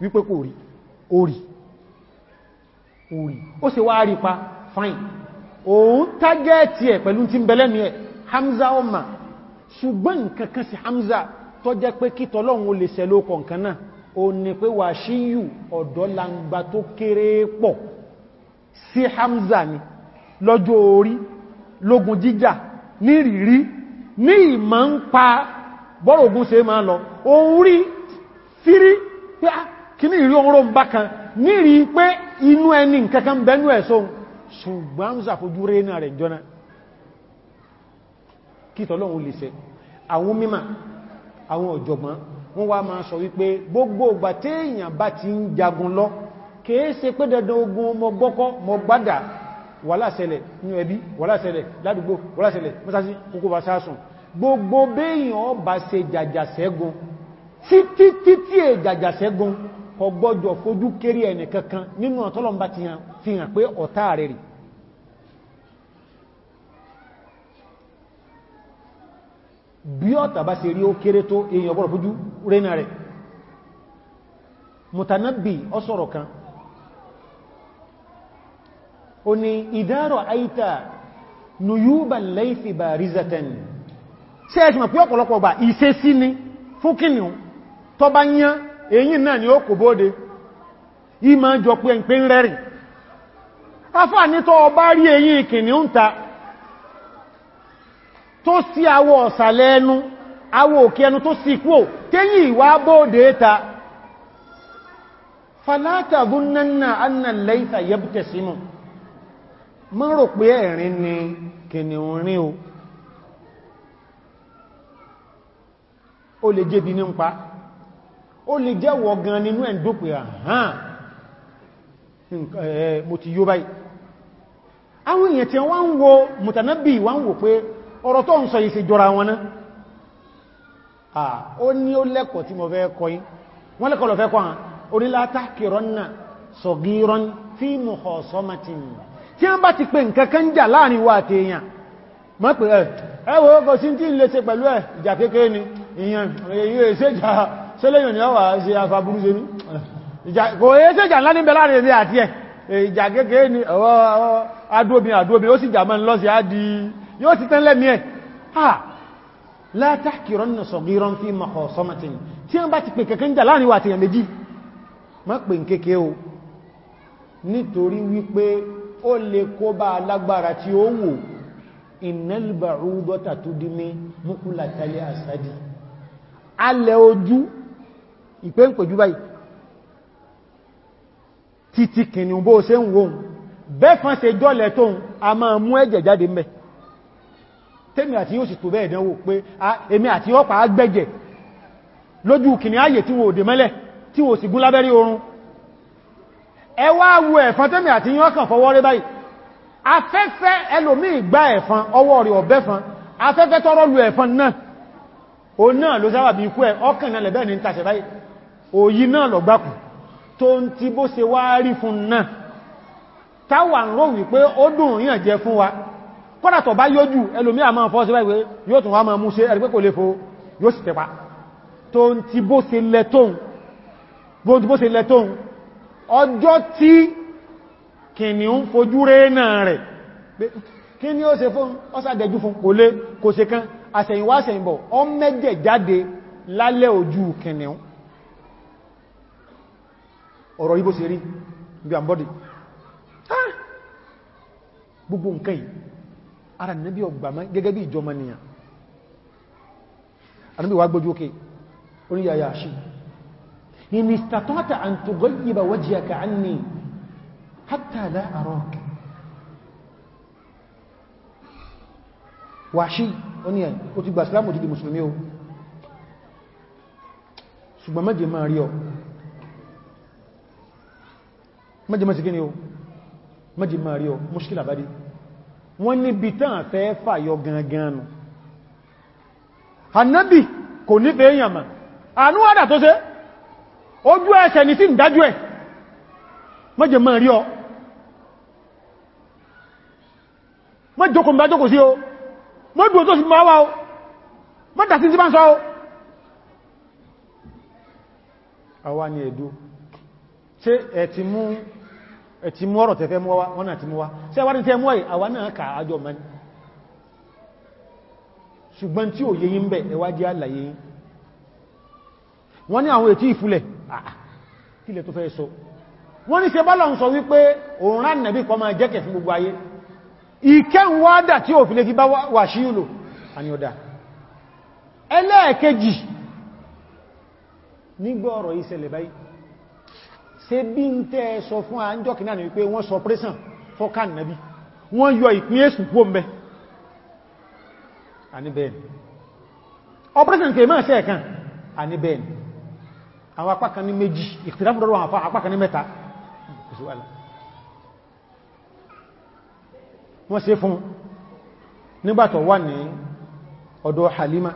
wípé pa fine òun tágẹ́ẹ̀tì ẹ̀ pẹ̀lú tí ń bẹ̀lẹ́mì ẹ̀ Hamza ọmọ ṣùgbọ́n nkankan sí Hamza tó jẹ́ pé kí tọ́lọ́run ó lè sẹ ló kọ̀ǹkan náà ó ní pé wà ṣíyù ọ̀dọ́ langba tó kéré pọ̀ sí Hamza ni lọ́jọ́ orí lógun jíjà ní rírí ní ìmọ̀ ń pa bọ́rọ̀gún ṣe máa lọ òun rí fírí pé ah, kí ní ìrí ọrọ̀ bákan ní rí pé inú ẹni nkankan bẹnu ẹ̀sọ́hun ṣùgbọ́n ń sàfojú rẹ̀ náà rẹ̀ jọna kí tọ́lọ́run lè ṣe àwọn mímà àwọn ọ̀jọ̀gbọ́n wọ́n wá máa sọ wípé gbogbo ìgbà tí èèyàn bá ti ń jagun lọ kìí ṣe pé dandan ogun mọ gbọ́kọ́ mọ gbádà wàláṣẹlẹ̀ ní ẹbí wàláṣẹlẹ̀ ládùgbò wàláṣẹlẹ̀ mọ́sásí kókó bá sáásùn gbogbo béèyàn bá ṣe jàjàṣẹ́gun fojú kéré ẹnìkankan nínú ọ̀tọ́lọ́mbá ti hàn pé ọ̀tá rẹ̀ rí bí ọ̀tà bá ṣe rí ó kéré tó èèyàn ọgbọ́rọ̀ fojú rénà rẹ̀ ọ sọ̀rọ̀ kan ó ni ìdárọ̀ àìta nuyúbà laifi bá rizatan ṣe ẹ̀ṣì mọ̀ pí ọ̀pọ̀lọpọ̀ bá ìṣe sí ni fúkìnì tó yán èyí náà ni ó kò bóde ìmá jọ pé ń pé ń rẹ́rìn afá ní tó ọba rí èyí ń ta tó sí awọ ọ̀sàlẹ̀ ẹnu awọ òkè ẹnu tó sí kúò tẹ́yìn ìwà bóòdé ta falata gúnnanna annan laita yabta sínú mọ́ rò pé ẹ̀rin ni kìnnìún rí o le lè bi ní ń pa je lè jẹ́wọ̀ gan nínú ẹ̀ dópè àhán mo ti yó báyìí àwọn èèyàn tí wọ́n ń wo mùtànábì ń wò pé ọ̀rọ̀ tó ń sọ yìí sí jọra wọn náà ó ní ó lẹ́kọ̀ọ́ tí mo fẹ́ kọ́ yín wọ́n lẹ́kọ̀ọ́ lọ fẹ́ kọ́ hàn onílá tákìrọ́nà sọ̀gírọ́n fí mọ̀họ̀sọ́màtìn tí a bá ti pè eh, ìjà kékeré ni ìyàn ni àwà ṣe afábúrú ṣe ní kò èséjà ọwọ́ adóbi adóbi ó sì jà mọ́ ń lọ á di yóò ti tán lẹ́mí ẹ̀ ha la tahkiranna saghiran fi makhasamatin tí wọ́n bá ti pè kẹ̀kẹ́ ń jà láàrin wà tèèyàn méjì má pè ń kéèké o nítorí wípé ó lè kó bá alágbára tí ó wò innal ba'udata tudmi muqlatal asadi alẹ́ ojú jọ́lẹ̀ tóun a máa mú ẹ̀jẹ̀ jáde mẹ́ tẹ́mì àti yóò sì tó bẹ́ẹ̀ dánwò pé ah, èmi àti ọpa agbẹ́jẹ̀ lójú kìnnì ayè tí wọ́n òdè mẹ́lẹ̀ tí wọ́n sì gún lábẹ́rí oorun ẹ wá wo ẹ̀fán tẹ́mì àti yóò kàn fọwọ́ rẹ báyìí afẹ́fẹ́ ẹlòmí ìgbá ẹ̀fán ọwọ́ rẹ̀ ọ̀bẹ́fán afẹ́fẹ́ tọ́rọ lu ẹ̀fán náà o náà ló sábà bí ikú ẹ̀ ọkàn náà lẹ̀bẹ́ẹ̀ ní ń tàṣẹ̀ báyìí òyí náà lọ gbákù tó ń ti bó kọ́nà tọ̀ bá yójú ẹlòmí àmà fọ́sí wáyé yóò tún wá máa mú ṣe ẹ̀rẹ́gbẹ́ kò lè fò yóò sì tẹpa tó ń ti bó ṣe lẹ́tọ́un ọjọ́ tí kìnnìún fojú rẹ̀ náà rẹ̀ kí ni ó ṣe fún ọ́sàdẹ̀jú fún kò lé kò ah! gbogbo nǹkan yìí ara nàbí ọgbà mọ́ gẹ́gẹ́ bí ìjọmọ́ nìyàn anábí wà gbójú òkè oníyàyà ṣe in istatata an tughayyiba wajhaka anni hatta la araka wà ṣe oníyàn ó ti gbà sílámù ti di o ṣùgbọ́n mẹ́jẹ máa rí ọ mẹ́jẹ máa wọ́n níbi tán fẹ́ fàyọ gangan nù annabi kò ní fẹ́ èèyàn ma àánúwádà tó ṣe ojú ẹsẹ̀ ní sí ìdájú ẹ̀ mọ́jẹ̀ mọ́ rí ọ mọ́jọ́kò mọ́ jókò sí o mọ́dù tó sì máa wá o mọ́dà sí sí máa sọ o àwa ni ẹ̀dù ṣe ẹ̀ ti mú ti mú ọ̀rọ̀ tẹ́fẹ́ mú wá wọ́n náà ti mú wá ṣe wá ní tẹ́ mú àwọn náà kà ájọ mẹ́ni ṣùgbọ́n tí ò yẹ yí ń bẹ̀ ẹwà jẹ́ àlàyé yí wọ́n ní àwọn ètí ìfúlẹ̀ kílẹ̀ tó fẹ́ sọ wọ́n ní ṣe bá lọ sọ wípé òun rán ṣe bí ń tẹ́ sọ fún àájọ́kì náà ni wípé wọ́n sọ pẹ́sàn fọ́kàn nàbí wọ́n yọ ìpín èsù kú ọmọ àníbẹ̀ẹ̀ni operation kè máa ṣe ẹ̀kan àníbẹ̀ẹ̀ni àwọn apákan ní méjì ìtìdáfúdọ́rọ̀ àwọn apákan ní mẹ́ta Halima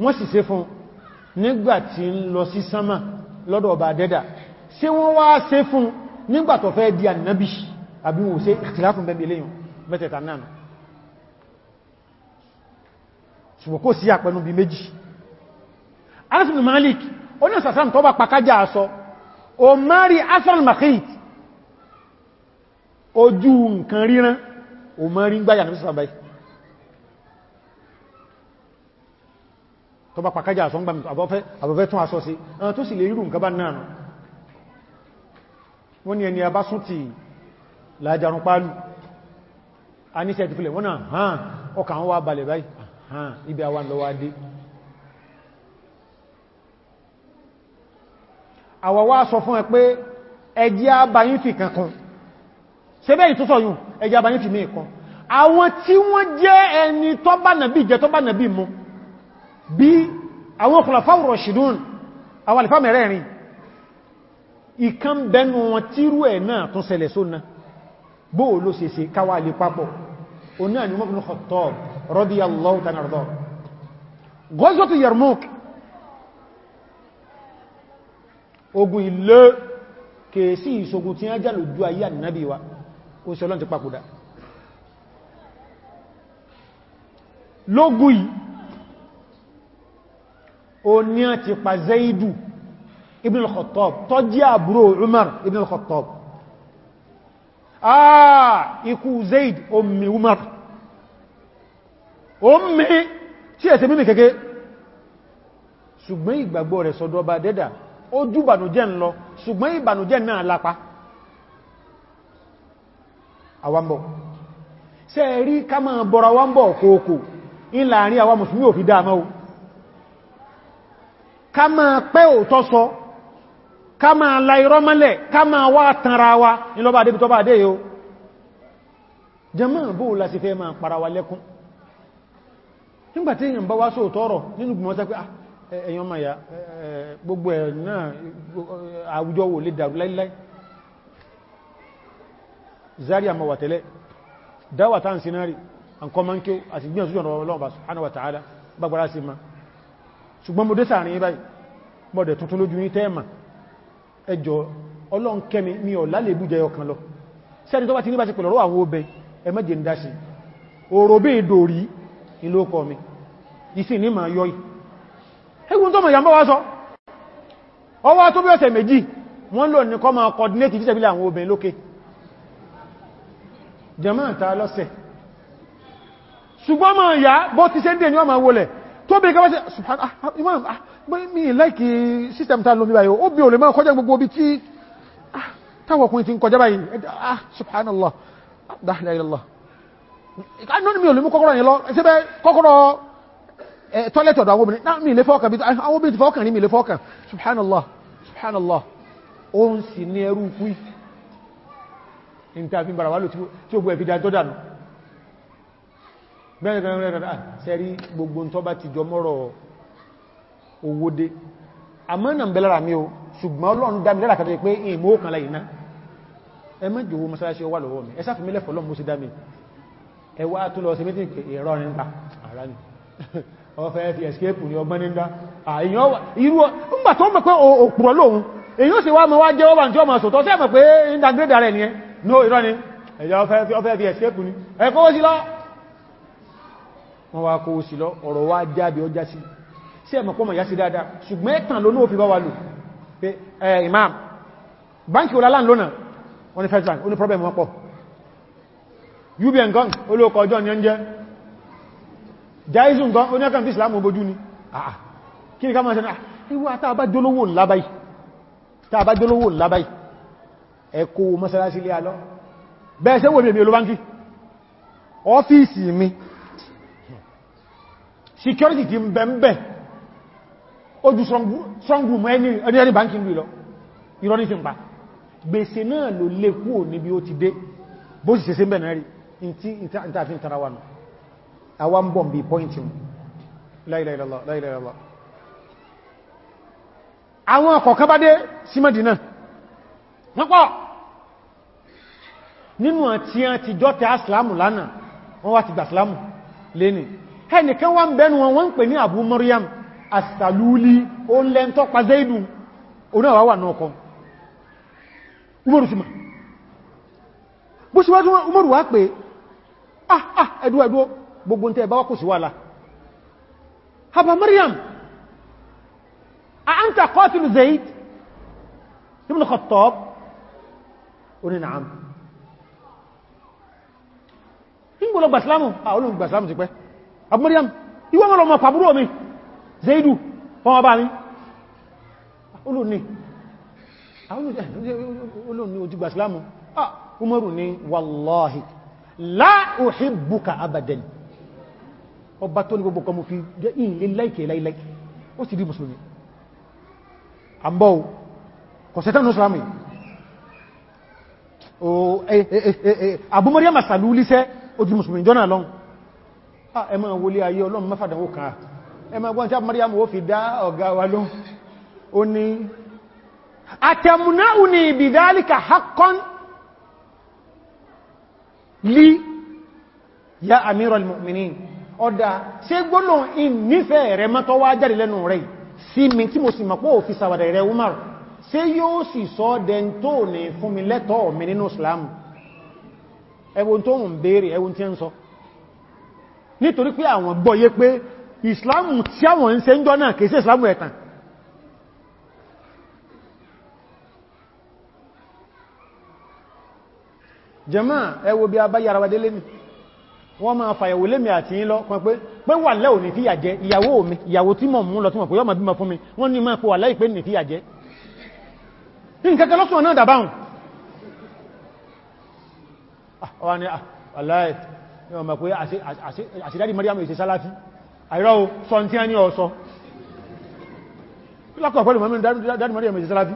wọ́n sì ṣe fún nígbàtí ń lọ ṣé wọ́n wá ṣe fún nígbà tó fẹ́ di ànábì àbí wọ́n ṣe ìtìláfún bẹ́bẹ̀ léyàn mẹ́tẹ̀ta náà ṣùgbọ́n kò sí àpẹnu bí méjì Anas ibn Malik oní ọ̀sàsán tó bá pàkájá aṣọ o mari asan makhit ojú nǹkan ríran o mari ń gbáyà nípa sàbáyì tó bá pàkájá aṣọ ń gbàmì àbọ́fẹ́ tún aṣọ sí ẹni tó sì lè rírù nǹkan bá náà wọ́n ni ẹni a bá sún ti lájarun pálù a ní sẹ́ẹ̀tì fílẹ̀ wọ́n náà hàn ọkà wọn wá balẹ̀ báyìí hàn ibi àwọn lọ́wọ́ adé àwa wá sọ fún ẹ pé ẹjí àbáyín fi kankan ṣebẹ́ ìtúsọ̀ yùn ẹjí àbáyín fi mí kan àwọn tí wọ́n jẹ́ ẹni tọ́bá jẹ́ tọ́bá nàbí bí àwọn khulafa'ur rashidun àwọn àlìfà ìkan bẹnu wọn tírú ẹ̀ náà tún ṣẹlẹ̀ sóna bóò ló ṣe ṣe káwà lè papọ̀ o náà ni mọ́bìnú Khattab radiyallahu tanardọ́ gọ́sọ́tù Yarmouk ogun ilé kèèsí ìṣogun tí a jà lójú ayé ànábì wa ó ṣe ọlọ́n ibn al-khattab tó jẹ́ àbúrò umar ibn al-khattab ah ikú zaid omi umar omi tí ẹ̀sẹ̀ mímí kẹ́kẹ́ ṣùgbọ́n ìgbàgbọ́ rẹ̀ sọ́dọ̀ ọba dẹ́dà ojú bànújẹ́ ń lọ ṣùgbọ́n ìbànújẹ́ náà lápá àwambọ̀ ṣe rí ká máa bọ̀rọ̀ àwambọ̀ kòókò ìlàrin àwọn mùsùlùmí ò dáa máa ká máa pẹ́ òótọ́ sọ ká máa la irọ́ mọ́lẹ̀ ká máa wá tanra wa ní lọ́bàá débi tọ́bàá dé yóò jẹmọ́ bó la sì fẹ́ máa para wa lẹ́kún nígbàtí èyàn bá wá sóò tọ́rọ̀ nínú gbìmọ̀ sẹ́pẹ́ èyàn máa ya gbogbo ẹ̀ náà àwùjọ wò lè dàrú láíláí zari àmà wà tẹ́lẹ̀ dáwà tán sinari àkọmọ́nkẹ́ àti gbìyànjú ọ̀rọ̀ subhanahu wa ta'ala bágbàrá sí ma ṣùgbọ́n mo dé sàárín tuntun lójú ní tẹ́ẹ̀mà ẹjọ́ ọlọ́n kẹmi mi ọ̀ lálẹ́ ìbújẹ lọ sẹ́ni tó bá ti ní ti pẹ̀lọ̀rọ̀ àwọn obẹ ẹmẹ́jẹ̀ ń dáṣe òrò bí ìdòrí ìlókọ mi ìsìn ní ma yọ́ ẹgbùn tó ma coordinate ìfíṣẹ́ bílẹ̀ loke. ti ṣe ń dè ní ọmọ wọlẹ̀ tó mi láìkì system tá lómi báyìí ó bí olè máa kọjá gbogbo bí tí táwọn ọkùnrin ti ń kọjá báyìí ah subhanallah dáhìláìlá anọ́nà mi olè mú kọ́kọ́rọ́ yẹn lọ ṣe bẹ́ kọ́kọ́rọ́ tọ́lẹ̀tọ̀dọ̀ àwọn obìnrin mi ilé fọ́ọ̀kan bí àwọn obìnrin ti fọ́ọ̀kan ní mi ilé fọ́ọ̀kan subhanallah subhanallah ó ń sì ní ẹrú kú ìntà fi bàràwà lò tí ó gbọ́ ẹ̀fìdà tó dànù bẹ́ẹ̀ owó dé àmọ́nà bẹ̀lára mi o ṣùgbọ́n ọlọ́run dámi lára kàtàkì pé ìmò òkànlá ìná ẹ mẹ́jọ owó masáraṣẹ́ wà lọ́wọ́ mi ẹsá fìmílẹ̀ fọ́lọ́ mú sí dámi ẹwà tó lọ fi escape ní ọgbọ́n nígbà ìgbà tó mọ̀ pé òpùrọ̀ lóhun èyí ó sì wá mọ́ wá jẹ́ ọba ìjọ́ ọmọ no ìrọ́ ni ẹ̀yà ọfẹ́ escape ní ẹ̀kọ́wọ́ sí lọ wọ́n kó sí lọ ọ̀rọ̀ wá jáde ọjá sí sí ẹ̀mọ̀pọ̀mọ̀ yá sí dáadáa ṣùgbọ́n ẹ̀tàn ló náà fi bá wà lò pé ẹ̀ imam báńkì olálà lónà wọ́n ni first bank ó problem problem wọ́pọ̀ ubn gan olóòkọ ọjọ́ ni ó ń jẹ́ jaizun gan ó ní ọkàn fi islam obojú ni kí ni ká máa ṣe náà ìwọ́ àtàbájólówó lábáyì ẹ̀kọ́ mọ́sálásí ilé alọ́ bẹ́ẹ̀ ṣe wò mí olú báńkì ọ́fíìsì mi security ti ń bẹ̀m̀bẹ̀ ojú strong room ẹni ẹni banking rí lọ ìrọ́ní fi ń pa gbèsè náà ló lè kúrò níbi ó ti dé bó sì ṣe mẹ́rin rí tí ìtàfin tara wà náà àwa ń bí pọ́ìntì mú la la ilaha illallah àwọn ọkọ̀kan bá dé sí Mẹ́dínà wọ́n pọ̀ nínú àti àti jọ́tẹ̀ aslamu lánàá wọ́n wá ti gbà aslamu lẹ́ni Abu Maryam àsàlúlí ó ń lẹ́ tọ́pa zaidu onáwà wà náà kọ umaru ti ma bó ṣe wájú umaru wá pé ah ah ẹ̀dù ẹ̀dù gbogbo tẹ́ bá wákò sí wà láà haba maryam a an ta kọtìlù zaid ah, ti pẹ́ abu maryam iwọ́n mọ́lọ mọ́ pàbúrò mi zaidu wọ́n bá ní olóòní ojúgbà islamu ah umaru ni wallahi la uhibbuka abadan ọba tó ní gbogbo kan mú fi jẹ́ ìhìn láìkẹ̀ e láìláì ó sì rí musulmi àbọ̀ kọ̀sẹ̀tánù islamu àbúmọ́rí àmàsàlú lísẹ́ ojú musulmi jọ́nà lọ́n ah wọlé ayé ọlọ́run mẹ́fàdánwó kan ẹmọ̀gbọ́n tí a Maryam ó fi dá ọ̀gá wa ló ó ní àtẹ̀mùnáù ní ìbìdálíkà haqqan lí ya amiral mu'minin ọ̀dá ṣe gbónà ìnífẹ́ rẹ mọ́tọ́ wá jáde lẹ́nu rẹ̀ sí mi tí mo sì mọ̀ pé ò sàwàdà rẹ̀ Umar ṣe yóò sì sọ dẹntó ní fún mi lẹ́tọ̀ọ́ mi nínú Islam ẹwọ́n tó ń béèrè ẹwọ́n tí ń sọ nítorí pé àwọn gbọ́yé pé ìsìláàmù tí àwọn ń ṣe ń jọ náà kèsí ìsìláàmù ẹ̀tàn jàmáà ẹ wò bí a bá yára wa délé mi wọ́n máa fàyẹ̀wò lémi àti yín lọ kan pé pé wà lẹ́ òní fíyà jẹ ìyàwó mi ìyàwó tí mọ̀ mú lọ tí mọ̀ pé yọ́ ma bímọ fún mi wọ́n ní máa pò wà láìpé ní fíyà jẹ nǹkankan lọ́sùn náà dàbáhùn ah, ọwá ni aláì ah, yọ́ ma pé àṣídádi Mariam ìṣẹ́ sálàfí àìrọ́ o sọ tí a ní ọ̀sọ́ lọ́kọ̀ pẹ̀lú mọ́mí dáadì mọ́rí ẹ̀mẹ̀jẹ̀ sára bí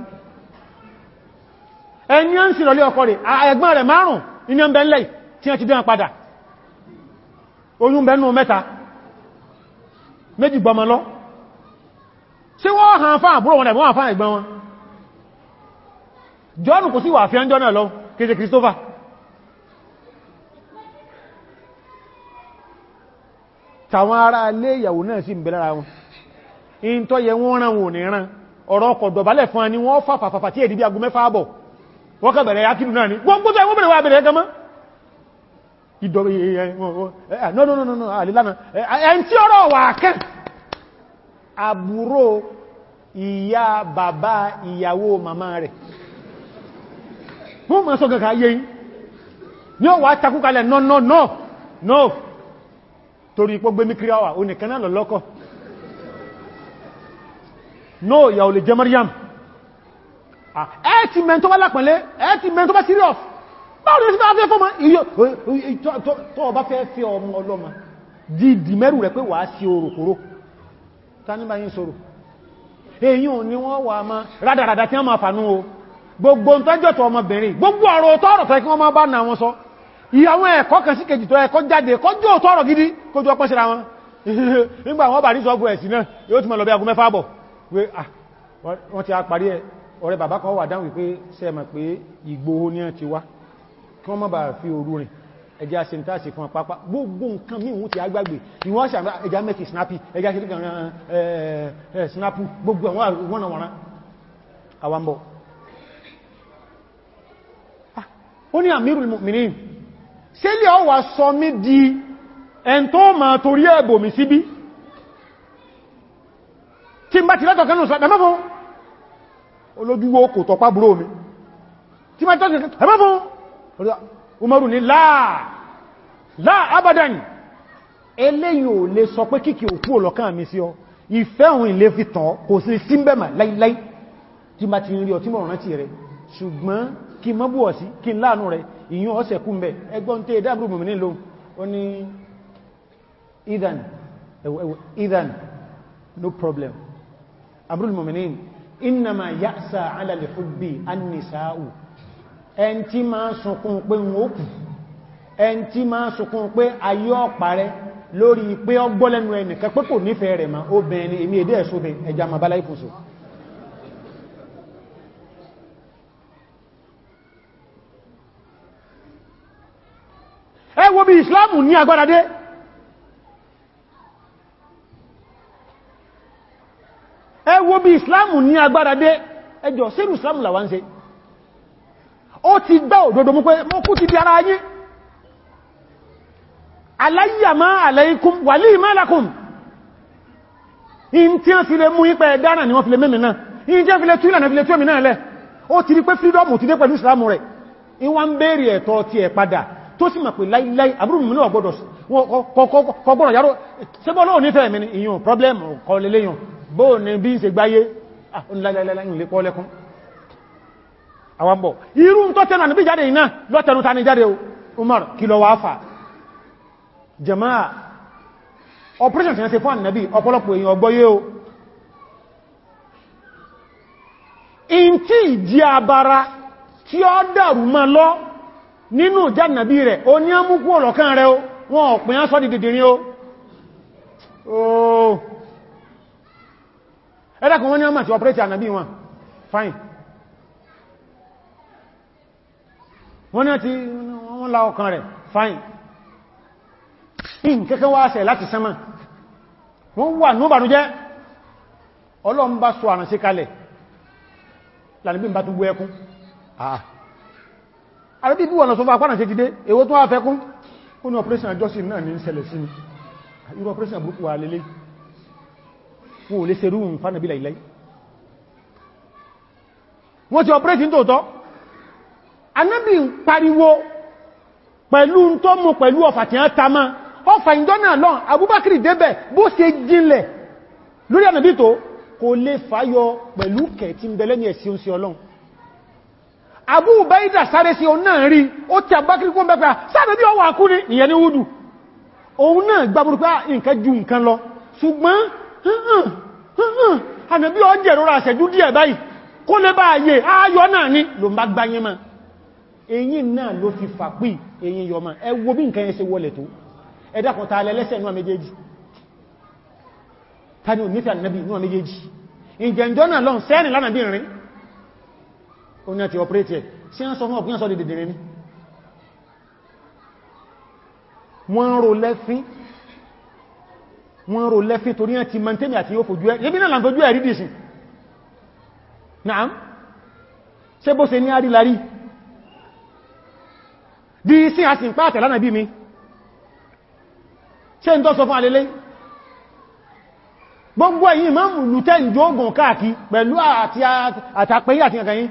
ẹni ń sì rọlé ọkọ rẹ̀ ẹgbọ́n rẹ̀ márùn ní ọmọ ẹlẹ́ tí a ti dán padà oyún bẹnu mẹ́ta méjì gbọmọ lọ ṣé wọ́n hàn fáà búrò wọn ẹ̀gbọ́n fáà ẹ̀gbọ́n wọn jọ́nù kò sí wà fíẹ́ ń jọ́nà lọ kéje Christopher tàwọn ará ilé ìyàwó náà sí ìbẹ̀lẹ̀ ara wọn in tó yẹ wọ́n rán wọn ní rán ọ̀rọ̀ ọkọ̀ dọ̀bálẹ̀ fún ẹni wọ́n fàfàfà tí èdè bí agun mẹ́fà àbọ̀ wọ́n kà bẹ̀rẹ̀ akínú náà ni wọ́n gbọ́tọ̀ ẹwọ́n bẹ̀rẹ̀ wà bẹ̀rẹ̀ gama àbúrò ìyá ni ó wà no no no no torí pọ́ gbé mikriawa o nìkan náà lọ́lọ́kọ́ no ìyàwó lè jẹ Mariam ẹ̀ẹ́tì mẹ́ntọ́ bá lápẹ̀lẹ́ ẹ̀ẹ́tì mẹ́ntọ́ bá serious báwọn lè sí bá fẹ́ fọ́mọ tó bá fẹ́ fẹ́ ọmọ di dìdì mẹ́rù rẹ̀ pé wà sí oròkòrò táníbáyín sọ̀rọ̀ èyí ò ní wọ́n wà máa rádaràdà tí wọ́n máa fànú o gbogbo ń tọ́jọ́tọ̀ ọmọbìnrin gbogbo ọ̀rọ̀ sọ ìyàwọn ẹ̀kọ́ kan sí kejì tó ẹ̀kọ́ jáde kọjọ́ tọ́rọ̀ gidi kójú ọpọ́ síra wọn nígbà wọ́n bà ní sọ́gbọ̀ ẹ̀sì náà yóò ti mọ̀ lọ́bẹ́ agun bọ̀ wọ́n ti parí ẹ̀ ọ̀rẹ́ bàbá kan wà ó ní àmírùl ṣe lè ọwà sọ mí di ẹn tó ma torí ẹ̀bò mi síbí tí bá ti látọ̀ kẹ́nù sàdámọ́fún olójúwó kò tọpá búrò mi tí bá ti látọ̀ kẹ́nù Umaru ni láà láà abadan eléyìn ò lè sọ pé kíkì òkú ọlọ́kàn mi sí ọ ìfẹ́ òun ilé fi tàn kò sí símbẹ̀mà láíláí tí bá ti rí ọ tí mọ̀ rántí rẹ̀ ṣùgbọ́n kí mọ́ bú ọ̀sí kí n láàánú rẹ̀ ìyún ọ̀sẹ̀ kú mẹ́ ẹgbọ́n tẹ́ dábùrù mọ̀mí nílò ó ní idan idan no problem abúrú mọ̀mí innama ya'sa ala al-hubbi an-nisa'u ẹn tí ma ń sunkún pé ń ókù ẹn tí ma ẹ wo bí ìsìláàmù ní agbára dé ẹ wo bí ìsìláàmù ní agbára dé ẹjọ́ sírù ìsìláàmù làwá ń ṣe ó ti gbá òdodo mú pé mọ́ kú ti di ara yín aláyàmá aláìkún wàlí ìmálàkùn in tí wọ́n fi lè mú ipẹ̀ dára ni wọ́n fi lè mẹ́mẹ́ náà in tí wọ́n fi lè tú ìlànà fi lè tú ẹ̀mì náà lẹ́ ó ti rí pé fídọ́mù ti dé pẹ̀lú ìsìláàmù rẹ̀ in wọ́n ń bèèrè ẹ̀tọ́ ti ẹ̀ padà tó sì mọ̀ pé láìláì àbúrú mi náà gbọ́dọ̀ kọgbọ́n yàró sẹ́bọ́ náà nífẹ́ mi ni ìyàn problem kọ lẹ́lẹ́yàn bó ní bí ń ṣe gbáyé ah, àwọ̀bọ̀ irú tó tẹ́nà níbi jáde iná lọ́tẹ̀rún ta ní jáde Umar kí lọ wá operation ti ń ṣe fún ànàbí ọ̀pọ̀lọpọ̀ èèyàn ọgbọ́yé o nínú jánàbí rẹ̀ o ní ọmú kú ọ̀lọ̀kán rẹ̀ o wọn ọ̀pìn án sọ́dì dìdìrín o ooo ẹ́dàkùn wọ́n ní ọmọ àti ọ̀pẹ́rẹ́tì ànàbí wọn fine wọ́n ní àti wọ́n la ọkàn rẹ̀ fine in kẹ́kẹ́ wá sẹ̀ láti sánmà wọ́n wà ní ọbànújẹ́ ọlọ́mbá sọ àrànṣẹ́ kalẹ̀ lànàbí ń bá gbé ẹkún ah àbẹ́bí bí wọ́n lọ sọfà pánà ṣe ti dé èwo tó wá fẹ́kún kó ní operation àjọsí náà ní ṣẹlẹ̀ sí ni irú operation burúkú wà lélé wọ́n ò lè ṣe rúhùn fánàbí láìláì wọ́n ti operation tóòtọ́ anábì ń pariwo pẹ̀lú tó mú pẹ̀lú ọfà tí wọ́n tamá ọfà ìjọ́ náà lọ Abubakar débẹ̀ bó ṣe jinlẹ̀ lórí ànàbí tó kò lè fàyọ pẹ̀lú kẹ̀ tí ń bẹ̀lẹ́ ní ẹ̀sí oúnṣẹ́ Ọlọ́run Abu Ubaida sáré sí òun náà rí ó ti àgbákiri kó ń bẹ́pẹ́ sáàdé bí ọwọ́ akú ní ìyẹn ní wúdù òun náà gbábúrú pé ah, nǹkan ju nǹkan lọ ṣùgbọ́n ànàbí ọjẹ́ ìrora àṣẹ̀jú díẹ̀ báyìí kó lè bá ayé ayọ́ náà ní ló ń bá gbáyé mọ́ eyín náà ló fi fàpí eyín yọmọ ẹ wo bí nǹkan yẹn ṣe wọlẹ̀ tó ni ò nífẹ̀ẹ́ ìjẹ̀njọ́ náà lọ sẹ́ẹ̀nì lánàbí rin oní àti ọ̀pẹ́rẹ́tì ẹ̀ sí ẹ́ sọ fún ọ̀pín ọ̀sọ́ dìdìdìrì ní wọ́n rò lẹ́fín wọ́n rò lẹ́fín torí àti mantemi àti yóò fojú ẹ̀ yẹ́bí náà lànfọ́jú ẹ̀ rídì sí náà ṣe bó ṣe ní àrílárí bí sí a sì ń pàtẹ̀ lánàá bí mi ṣe ń tọ́ sọ fún alẹ́lẹ́ gbogbo ẹ̀yìn máa mú lùtẹ́ ìjọ́gùn káàkiri pẹ̀lú àti àtàpẹ́yà àti àkàyìn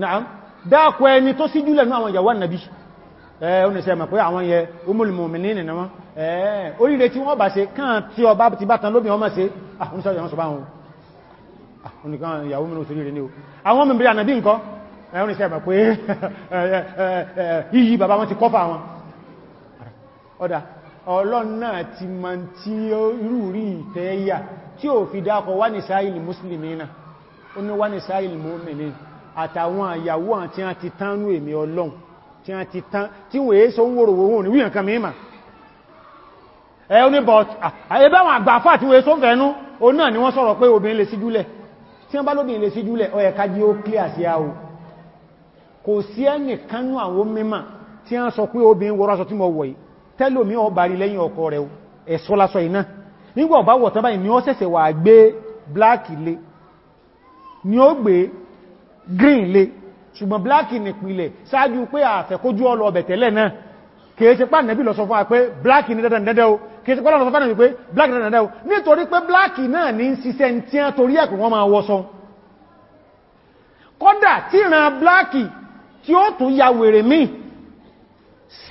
na'am dákọ̀ ẹni tó sí jùlẹ̀ ní àwọn ìyàwó annabi oníṣẹ́ mọ̀ pé àwọn yẹ umulmọ̀mìnì nìna wọn oríire tí wọ́n bá ṣe kàn tí ọba ti bá tan lóbi ah, wọn ah, mọ́ sí ọlọ́run náà ti ma tí irú rí ìfẹ́ yà tí ò fi dákọ̀ wá ní sáàìlì mùsùlùmí náà ó ní wá ní sáàìlì mọ́mìnì àtàwọn àyàwó àti a ti tánú èmì ọlọ́run tí a ti tán tí wọ́n èé so ń wòrò wòrò ní wíyàn kan mímọ̀ ẹ ó ní but ah, ah, ẹbáwọn àgbàfà tí wọ́n èé so ń fẹ́nu o náà ni wọ́n sọ̀rọ̀ pé obìnrin lè síjúlẹ̀ tí wọ́n bá lóbìnrin lè síjúlẹ̀ ó yẹ ká jí ó clear sí àwò kò sí ẹnì kanú àwọn mímọ̀ tí wọ́n sọ pé obìnrin wọ́rọ̀ aṣọ tí mo wọ̀ yìí tẹ́lòmí ọba rí lẹ́yìn ni ó ṣẹ̀ṣẹ̀ wà ni ó gbé green le ṣùgbọ́n black nìpìlẹ̀ ṣáájú pé àfẹ́kójú ọlọ ọbẹ̀ tẹ́lẹ̀ náà kìí ṣe pàdé bí lọ sọ fún wa pé black ní dandan dandan o kìí ṣe pàdé lọ sọ fún wa pé black dandan dandan o nítorí pé black náà ní ṣiṣẹ́ tí a torí ẹ̀kùn wọn máa wọ́sọ kódà tí ìran black tí ó tún ya wèrè mí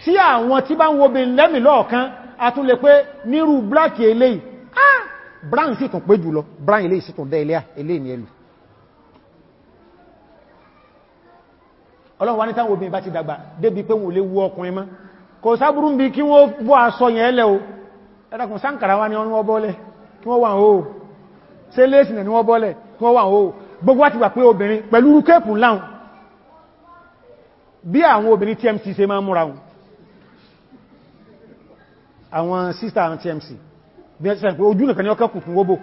sí àwọn tí bá ń wo bin lẹ́mì lọ́ọ̀kan àtúnlẹ̀ ah brown sì tún pé jùlọ brown eléyìí sì tún dẹ́ ọlọ́run wá ní táwọn obìnrin bá ti dàgbà débi pé wọ́n lè wú ọkùnrin mọ́ kò sáburú bí kí wọ́n bọ́ aṣọ yẹn lẹ́ o ẹ̀dàkùn sáǹkàrà wá ní wọ́n bọ́lẹ̀ kí wọ́n wà ń hóò ṣe léèsì ní wọ́n bọ́lẹ̀ kí wọ́n wà ń hóò gbogbo wá ti wà pé obìnrin pẹ̀lú rúkẹ́pù láhùn TMC ṣe máa múra hùn àwọn TMC bí ẹ̀sẹ̀ pé ojú nìkan ni ọkẹ́ kù fún gbogbo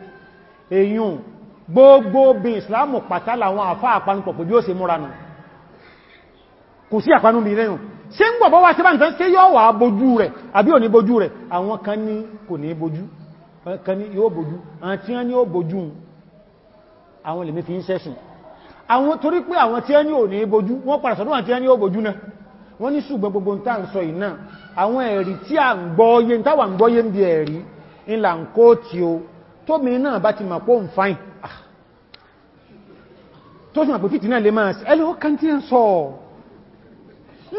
èyàn gbogbo bí ìsìlámù pàtàlà àwọn àfáà kò sí àpanú bí rẹ̀yùn ṣe ń gbọ̀bọ̀ wá sí báyìí tán ṣe yóò wà bojú rẹ̀ àbí ò ní bojú rẹ̀ àwọn kan ní kò ní bojú kan ní yóò bojú àwọn tí wọ́n ní ó bojú àwọn lèmi fi ń sẹ́sìn àwọn torí pé àwọn tí wọ́n ní ò ní bojú wọ́n padà sọ́dọ̀ àwọn tí wọ́n ní ó bojú náà wọ́n ní ṣùgbọ́n gbogbo tá ń sọ ìná àwọn ẹ̀rí tí à ń gbọ́yé táwà ń gbọ́yé ń bí ẹ̀rí ńlá ń kó tí o tó mi náà bá ti màpó ń fáìn tó sì màpó fìtì náà lè máa ẹlẹ́wọ́ kan tí ń sọ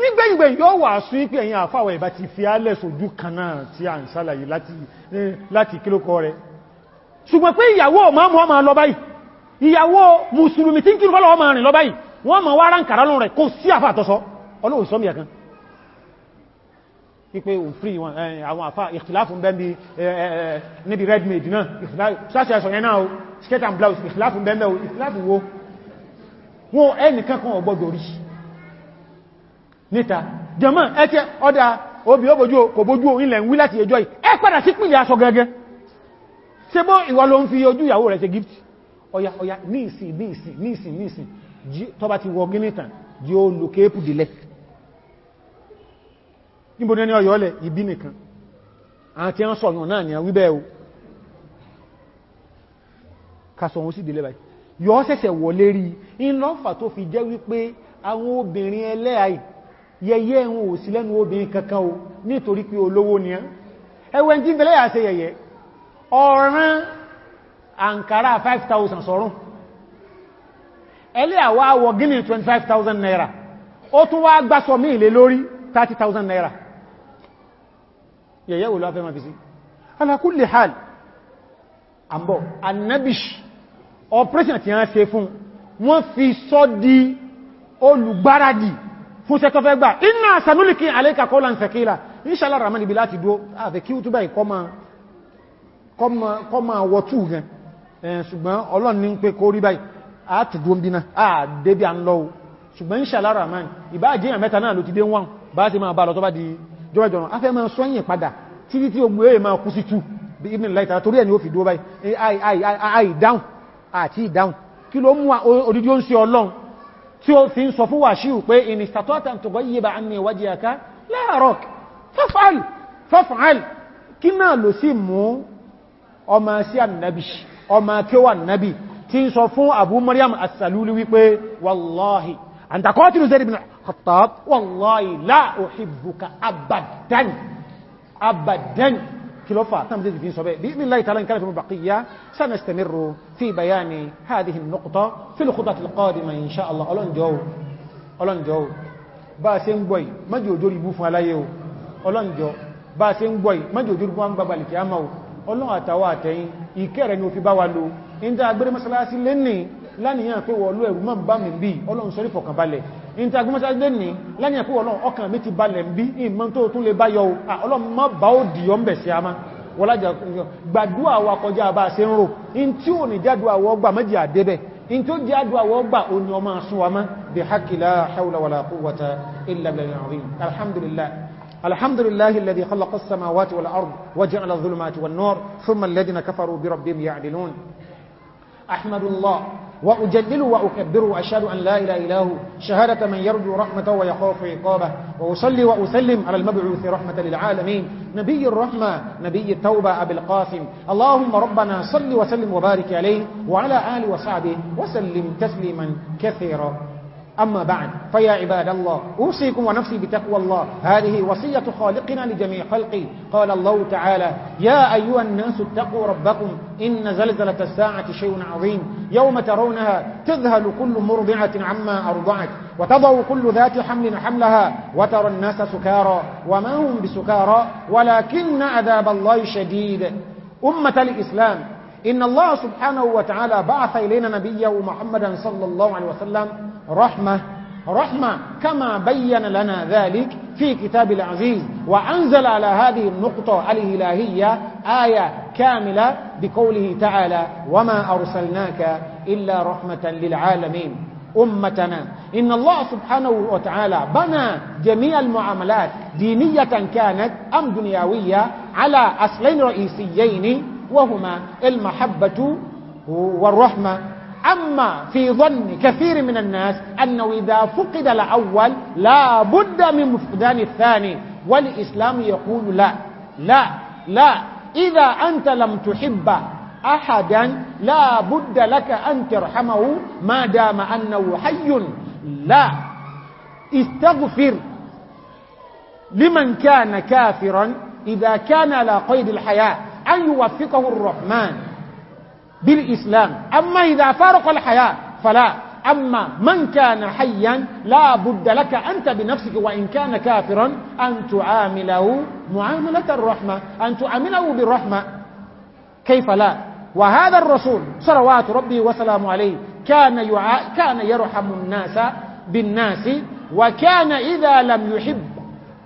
nígbẹ̀yìngbẹ̀ yóò wà sún ipé ẹ̀yìn àfáwọ̀ ìbá ti fi álẹ̀ sójú kanáà tí a ń sálàyé láti eh, kílókọ rẹ̀ ṣùgbọ́n pé ìyàwó ọmọ ọmọ lọ báyìí ìyàwó mùsùlùmí tí ń kí lọ́lọ́ ọmọ rìn lọ báyìí wọ́n mọ̀ wá ránkàrá lọ rẹ̀ kó sí àfà àtọ́sọ ọlọ́run sọ́mì ẹ̀kan ipe òfin eh, àwọn àfà ìkìláfún bẹ́m̀bí eh, níbi red maid náà sáṣẹ́ ẹ̀sọ̀ yẹn náà o skirt and blouse ìkìláfún bẹ́m̀bẹ̀ o ìkìláfún wo wọn ẹnìkan kan ọgbọ́dọ̀ rí níta jẹmọ́ ẹ̀kẹ́ ọdá obi ó bojú kò bojú ilẹ̀ ń wí láti ẹjọ́ yìí ẹ padà sí pínlẹ̀ aṣọ gẹ́gẹ́ ṣe bọ́ ìwà ló ń fi ojú ìyàwó rẹ̀ ṣe gift ọya ọya ní ìsìn ní ìsìn ti wọ gínítàn jí ó lò kéèpù dìlẹ̀ níbo ní ọyọ́lẹ̀ ìbí ni a wíbẹ̀ o kàsọ̀hún sí dìlẹ̀ báyìí yọ́ sẹ̀sẹ̀ wọ lérí in lọ́fà yẹyẹ ẹ̀hùn ò sí lẹ́nu obìnrin kankan o nítorí pé olówó ni ẹwẹ́n tí bẹ̀lẹ́ yà ṣe yẹyẹ ọ̀rán àǹkàrà 5,000 sọ̀rún ẹlẹ́ àwọ́ àwọ̀ gíní 25,000 naira ó tún wá gbásọ mí ilé lórí 30,000 naira yẹyẹ wò lọ́fẹ́ mafisi ala kulli hal àmbọ̀ annabish operation ti hàn ṣe fún wọ́n fi sọ́ fún sẹ́tọ́ fẹ́ gbà iná sanúlìkì àlẹ́kà kọ́lá ń sẹ̀kílà inshallah rahman ibi láti dúó àfẹ́ kí ó túbà ìkọ́mà wọ́tú gan ṣùgbọ́n ọlọ́n ní pé kó rí báyìí àti dúó bíná àdébí à ń lọ ṣùgbọ́n inshallah rahman ìbá àjíyàn mẹ́ta náà ló ti dé wọn bá ti máa bá lọ tó bá di jọjọrọ afẹ́ máa sọ́yìn padà títí tí ogun èèyàn máa tí ó fi ń sọ fún wàṣíù pé ìnìsàtọ́tàn tó gbọ́yí bá ní ìwájí aká láàrọ̀k fọ́fàál fọ́fàál kí náà ló sì mú ọmọ sí annabi ọmọ kíwà annabi tí ń sọ fún abu maryam asalulu wípé wallahi antakọ́tìlú zai bin كيلوفا تم زيد بن صبي بإذن الله تعالى إن في بقية سنستمر في بيان هذه النقطة في الخطة القادمة إن شاء الله ألون جو ألون جو باسين بوي ما جو جوري بوفا لا يو ألون جو باسين بوي ما جو جوري بوان بابا لكيامو ọlọ́run àtàwà àtẹ̀yìn ìkẹ́rẹ̀ ni ó fi bá wa lo in dá agbẹ́rẹ́ mọ́sálásí lẹ́nìí lánìyàn pé wọ́n ló ẹ̀rù mọ́ bá mi bí ọlọ́run sọ́rí ìntà agbọ́mọ́sájúdé ní lẹ́yìn ẹ̀kú ọlọ́run ọkàn mi ti balẹ̀ ń bí ìmọ́ tó tún lè bá yọ ọlọ́run má bá ó dìyọ ń bẹ̀ sí àmá wọ́lájà gbàdúwà wa kọjá bá ṣe ń الحمد لله الذي خلق السماوات والأرض وجعل الظلمات والنور ثم الذين كفروا بربهم يعدلون أحمد الله وأجلله وأكبره وأشهد أن لا إله إلا هو شهادة من يرجو رحمة ويخاف عقابه وأصلي وأسلم على المبعوث رحمة للعالمين نبي الرحمة نبي التوبة أبي القاسم اللهم ربنا صل وسلم وبارك عليه وعلى آله وصحبه وسلم تسليما كثيرا أما بعد فيا عباد الله أوصيكم ونفسي بتقوى الله هذه وصية خالقنا لجميع خلقه قال الله تعالى يا أيها الناس اتقوا ربكم إن زلزلة الساعة شيء عظيم يوم ترونها تذهل كل مرضعة عما أرضعت وتضع كل ذات حمل حملها وترى الناس سكارى وما هم بسكارى ولكن عذاب الله شديد أمة الإسلام إن الله سبحانه وتعالى بعث إلينا نبيه محمدا صلى الله عليه وسلم رحمة رحمة كما بين لنا ذلك في كتاب العزيز وأنزل على هذه النقطة الإلهية آية كاملة بقوله تعالى وما أرسلناك إلا رحمة للعالمين أمتنا إن الله سبحانه وتعالى بنى جميع المعاملات دينية كانت أم دنيوية على أصلين رئيسيين وهما المحبة والرحمة أما في ظن كثير من الناس أنه إذا فقد الأول لا بد من فقدان الثاني والإسلام يقول لا لا لا إذا أنت لم تحب أحدا لا بد لك أن ترحمه ما دام أنه حي لا استغفر لمن كان كافرا إذا كان على قيد الحياة أن يوفقه الرحمن بالإسلام أما إذا فارق الحياة فلا أما من كان حيا لا بد لك أنت بنفسك وإن كان كافرا أن تعامله معاملة الرحمة أن تعامله بالرحمة كيف لا وهذا الرسول صلوات ربي وسلام عليه كان, يع... كان يرحم الناس بالناس وكان إذا لم يحب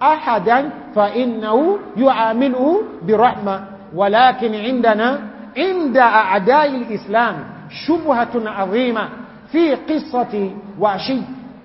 أحدا فإنه يعامله برحمة ولكن عندنا عند أعداء الإسلام شبهة عظيمة في قصة وعشي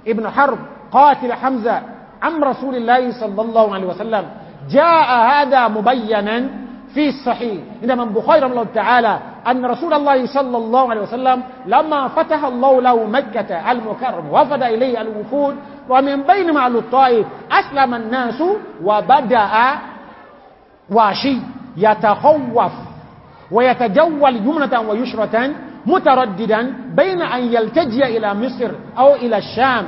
ابن حرب قاتل حمزة عم رسول الله صلى الله عليه وسلم جاء هذا مبينا في الصحيح عندما بخير الله تعالى أن رسول الله صلى الله عليه وسلم لما فتح الله له مكة المكرم وفد إليه الوفود ومن بين معلو الطائف أسلم الناس وبدأ وعشي يتخوف ويتجول يمنة ويشرة مترددا بين أن يلتجي إلى مصر أو إلى الشام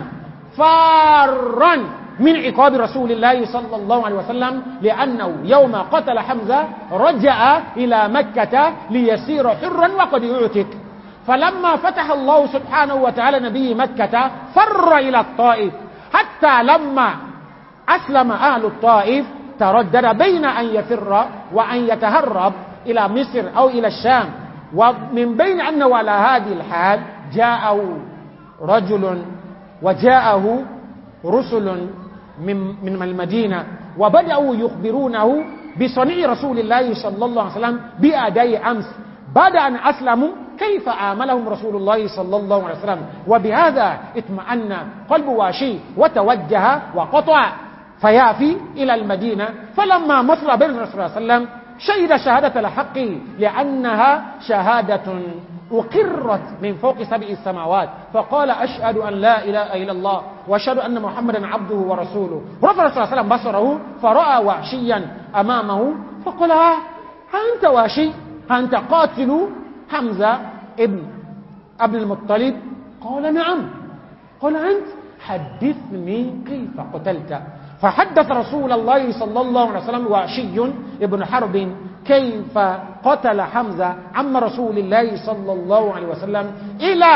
فارا من عقاب رسول الله صلى الله عليه وسلم لأنه يوم قتل حمزة رجع إلى مكة ليسير حرا وقد يعتك فلما فتح الله سبحانه وتعالى نبي مكة فر إلى الطائف حتى لما أسلم أهل الطائف تردد بين أن يفر وأن يتهرب إلى مصر أو إلى الشام ومن بين أن ولا هذه الحال جاءه رجل وجاءه رسل من من المدينة وبدأوا يخبرونه بصنيع رسول الله صلى الله عليه وسلم بأداء أمس بعد أن أسلموا كيف آملهم رسول الله صلى الله عليه وسلم وبهذا اطمأن قلب واشي وتوجه وقطع فيافي إلى المدينة فلما مصر بين رسول الله صلى الله عليه وسلم شهد شهادة الحق لأنها شهادة أقرت من فوق سبع السماوات فقال أشهد أن لا إله إلا الله وأشهد أن محمدا عبده ورسوله رفع صلى الله عليه وسلم بصره فرأى وحشيا أمامه فقال ها آه، أنت وحشي أنت قاتل حمزة ابن ابن المطلب قال نعم قال أنت حدثني كيف قتلت فحدث رسول الله صلى الله عليه وسلم وعشي ابن حرب كيف قتل حمزة عم رسول الله صلى الله عليه وسلم إلى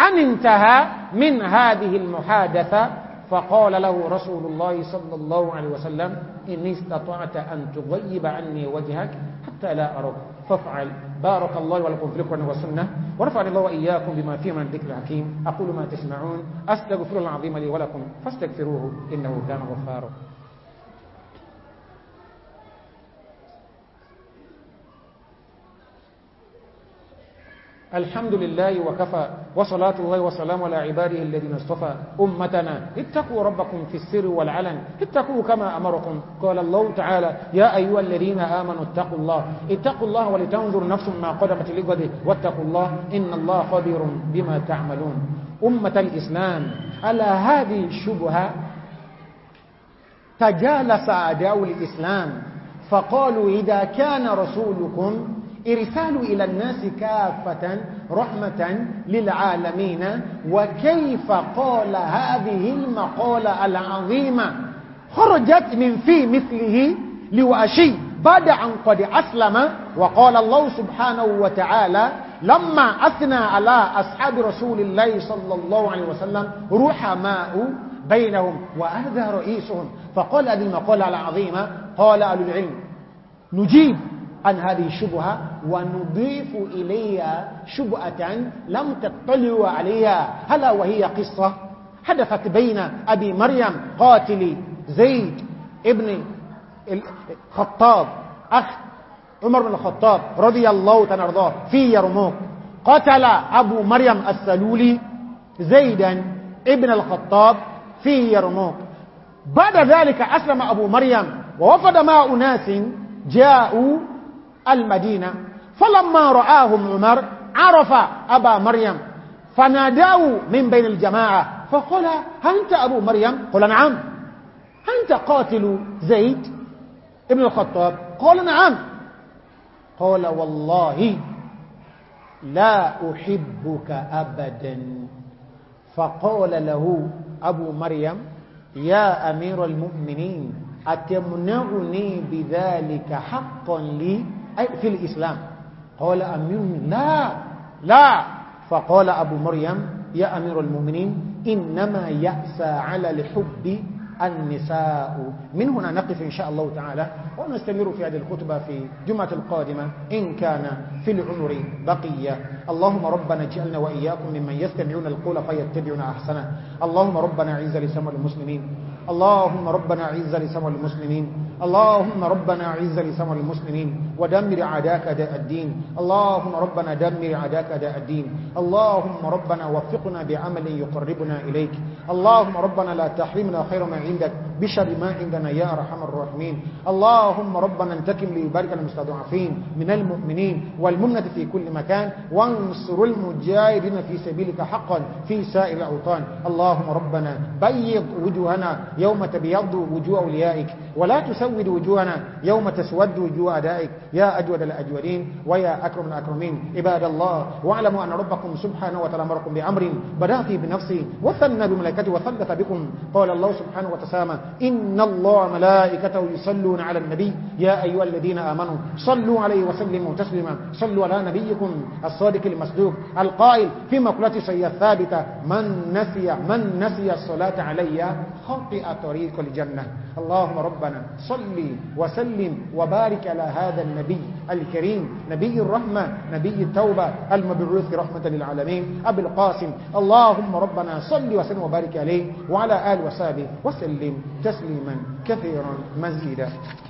أن انتهى من هذه المحادثة فقال له رسول الله صلى الله عليه وسلم إن استطعت أن تغيب عني وجهك حتى لا أرك فافعل بارك الله ولكم في القرآن والسنة ورفعني الله وإياكم بما فيه من الذكر الحكيم أقول ما تسمعون أستغفر العظيم لي ولكم فاستغفروه إنه كان غفارا الحمد لله وكفى وصلاة الله وسلام على عباده الذين اصطفى أمتنا اتقوا ربكم في السر والعلن اتقوا كما أمركم قال الله تعالى يا أيها الذين آمنوا اتقوا الله اتقوا الله ولتنظر نفس ما قدمت لقده واتقوا الله إن الله خبير بما تعملون أمة الإسلام على هذه الشبهة تجالس أعداء الإسلام فقالوا إذا كان رسولكم إرسال إلى الناس كافة رحمة للعالمين وكيف قال هذه المقالة العظيمة خرجت من في مثله لوأشي بعد أن قد أسلم وقال الله سبحانه وتعالى لما أثنى على أصحاب رسول الله صلى الله عليه وسلم رحماء بينهم وأهذى رئيسهم فقال هذه المقالة العظيمة قال أهل العلم نجيب عن هذه الشبهة ونضيف إليها شبهة لم تطلعوا عليها هلا وهي قصة حدثت بين أبي مريم قاتل زيد ابن الخطاب أخ عمر بن الخطاب رضي الله تنرضاه في يرموك قتل أبو مريم السلولي زيدا ابن الخطاب في يرموك بعد ذلك أسلم أبو مريم ووفد مع أناس جاءوا المدينة فلما رآهم عمر عرف أبا مريم فناداه من بين الجماعة فقال أنت أبو مريم قال نعم أنت قاتل زيد ابن الخطاب قال نعم قال والله لا أحبك أبدا فقال له أبو مريم يا أمير المؤمنين أتمنعني بذلك حقا لي في الإسلام قال أمير لا لا فقال أبو مريم يا أمير المؤمنين إنما يأسى على الحب النساء من هنا نقف إن شاء الله تعالى ونستمر في هذه الخطبة في جمعة القادمة إن كان في العمر بقية اللهم ربنا اجعلنا وإياكم ممن يستمعون القول فيتبعون أحسنه اللهم ربنا عز لسمى المسلمين اللهم ربنا عز لسمى المسلمين اللهم ربنا عز لسمر المسلمين ودمر عداك داء الدين اللهم ربنا دمر عداك داء الدين اللهم ربنا وفقنا بعمل يقربنا إليك اللهم ربنا لا تحرمنا خير ما عندك بشر ما عندنا يا أرحم الراحمين اللهم ربنا انتكم ليبارك المستضعفين من المؤمنين والمنة في كل مكان وانصر المجاهدين في سبيلك حقا في سائر الأوطان اللهم ربنا بيض وجوهنا يوم تبيض وجوه أوليائك ولا تسوي سود وجوهنا يوم تسود وجوه أدائك يا أجود الأجودين ويا أكرم الأكرمين عباد الله واعلموا أن ربكم سبحانه وتعالى أمركم بأمر بداتي بنفسي وثنى بملائكته وثلث بكم قال الله سبحانه وتسامى إن الله ملائكته يصلون على النبي يا أيها الذين آمنوا صلوا عليه وسلموا تسلما صلوا على نبيكم الصادق المصدوق القائل في مقولة شيء الثابتة من نسي من نسي الصلاة علي خطئ طريق الجنة اللهم ربنا صل صل وسلم وبارك على هذا النبي الكريم نبي الرحمة نبي التوبة المبعوث رحمة للعالمين أبي القاسم اللهم ربنا صل وسلم وبارك عليه وعلى آل وصحبه وسلم تسليما كثيرا مزيدا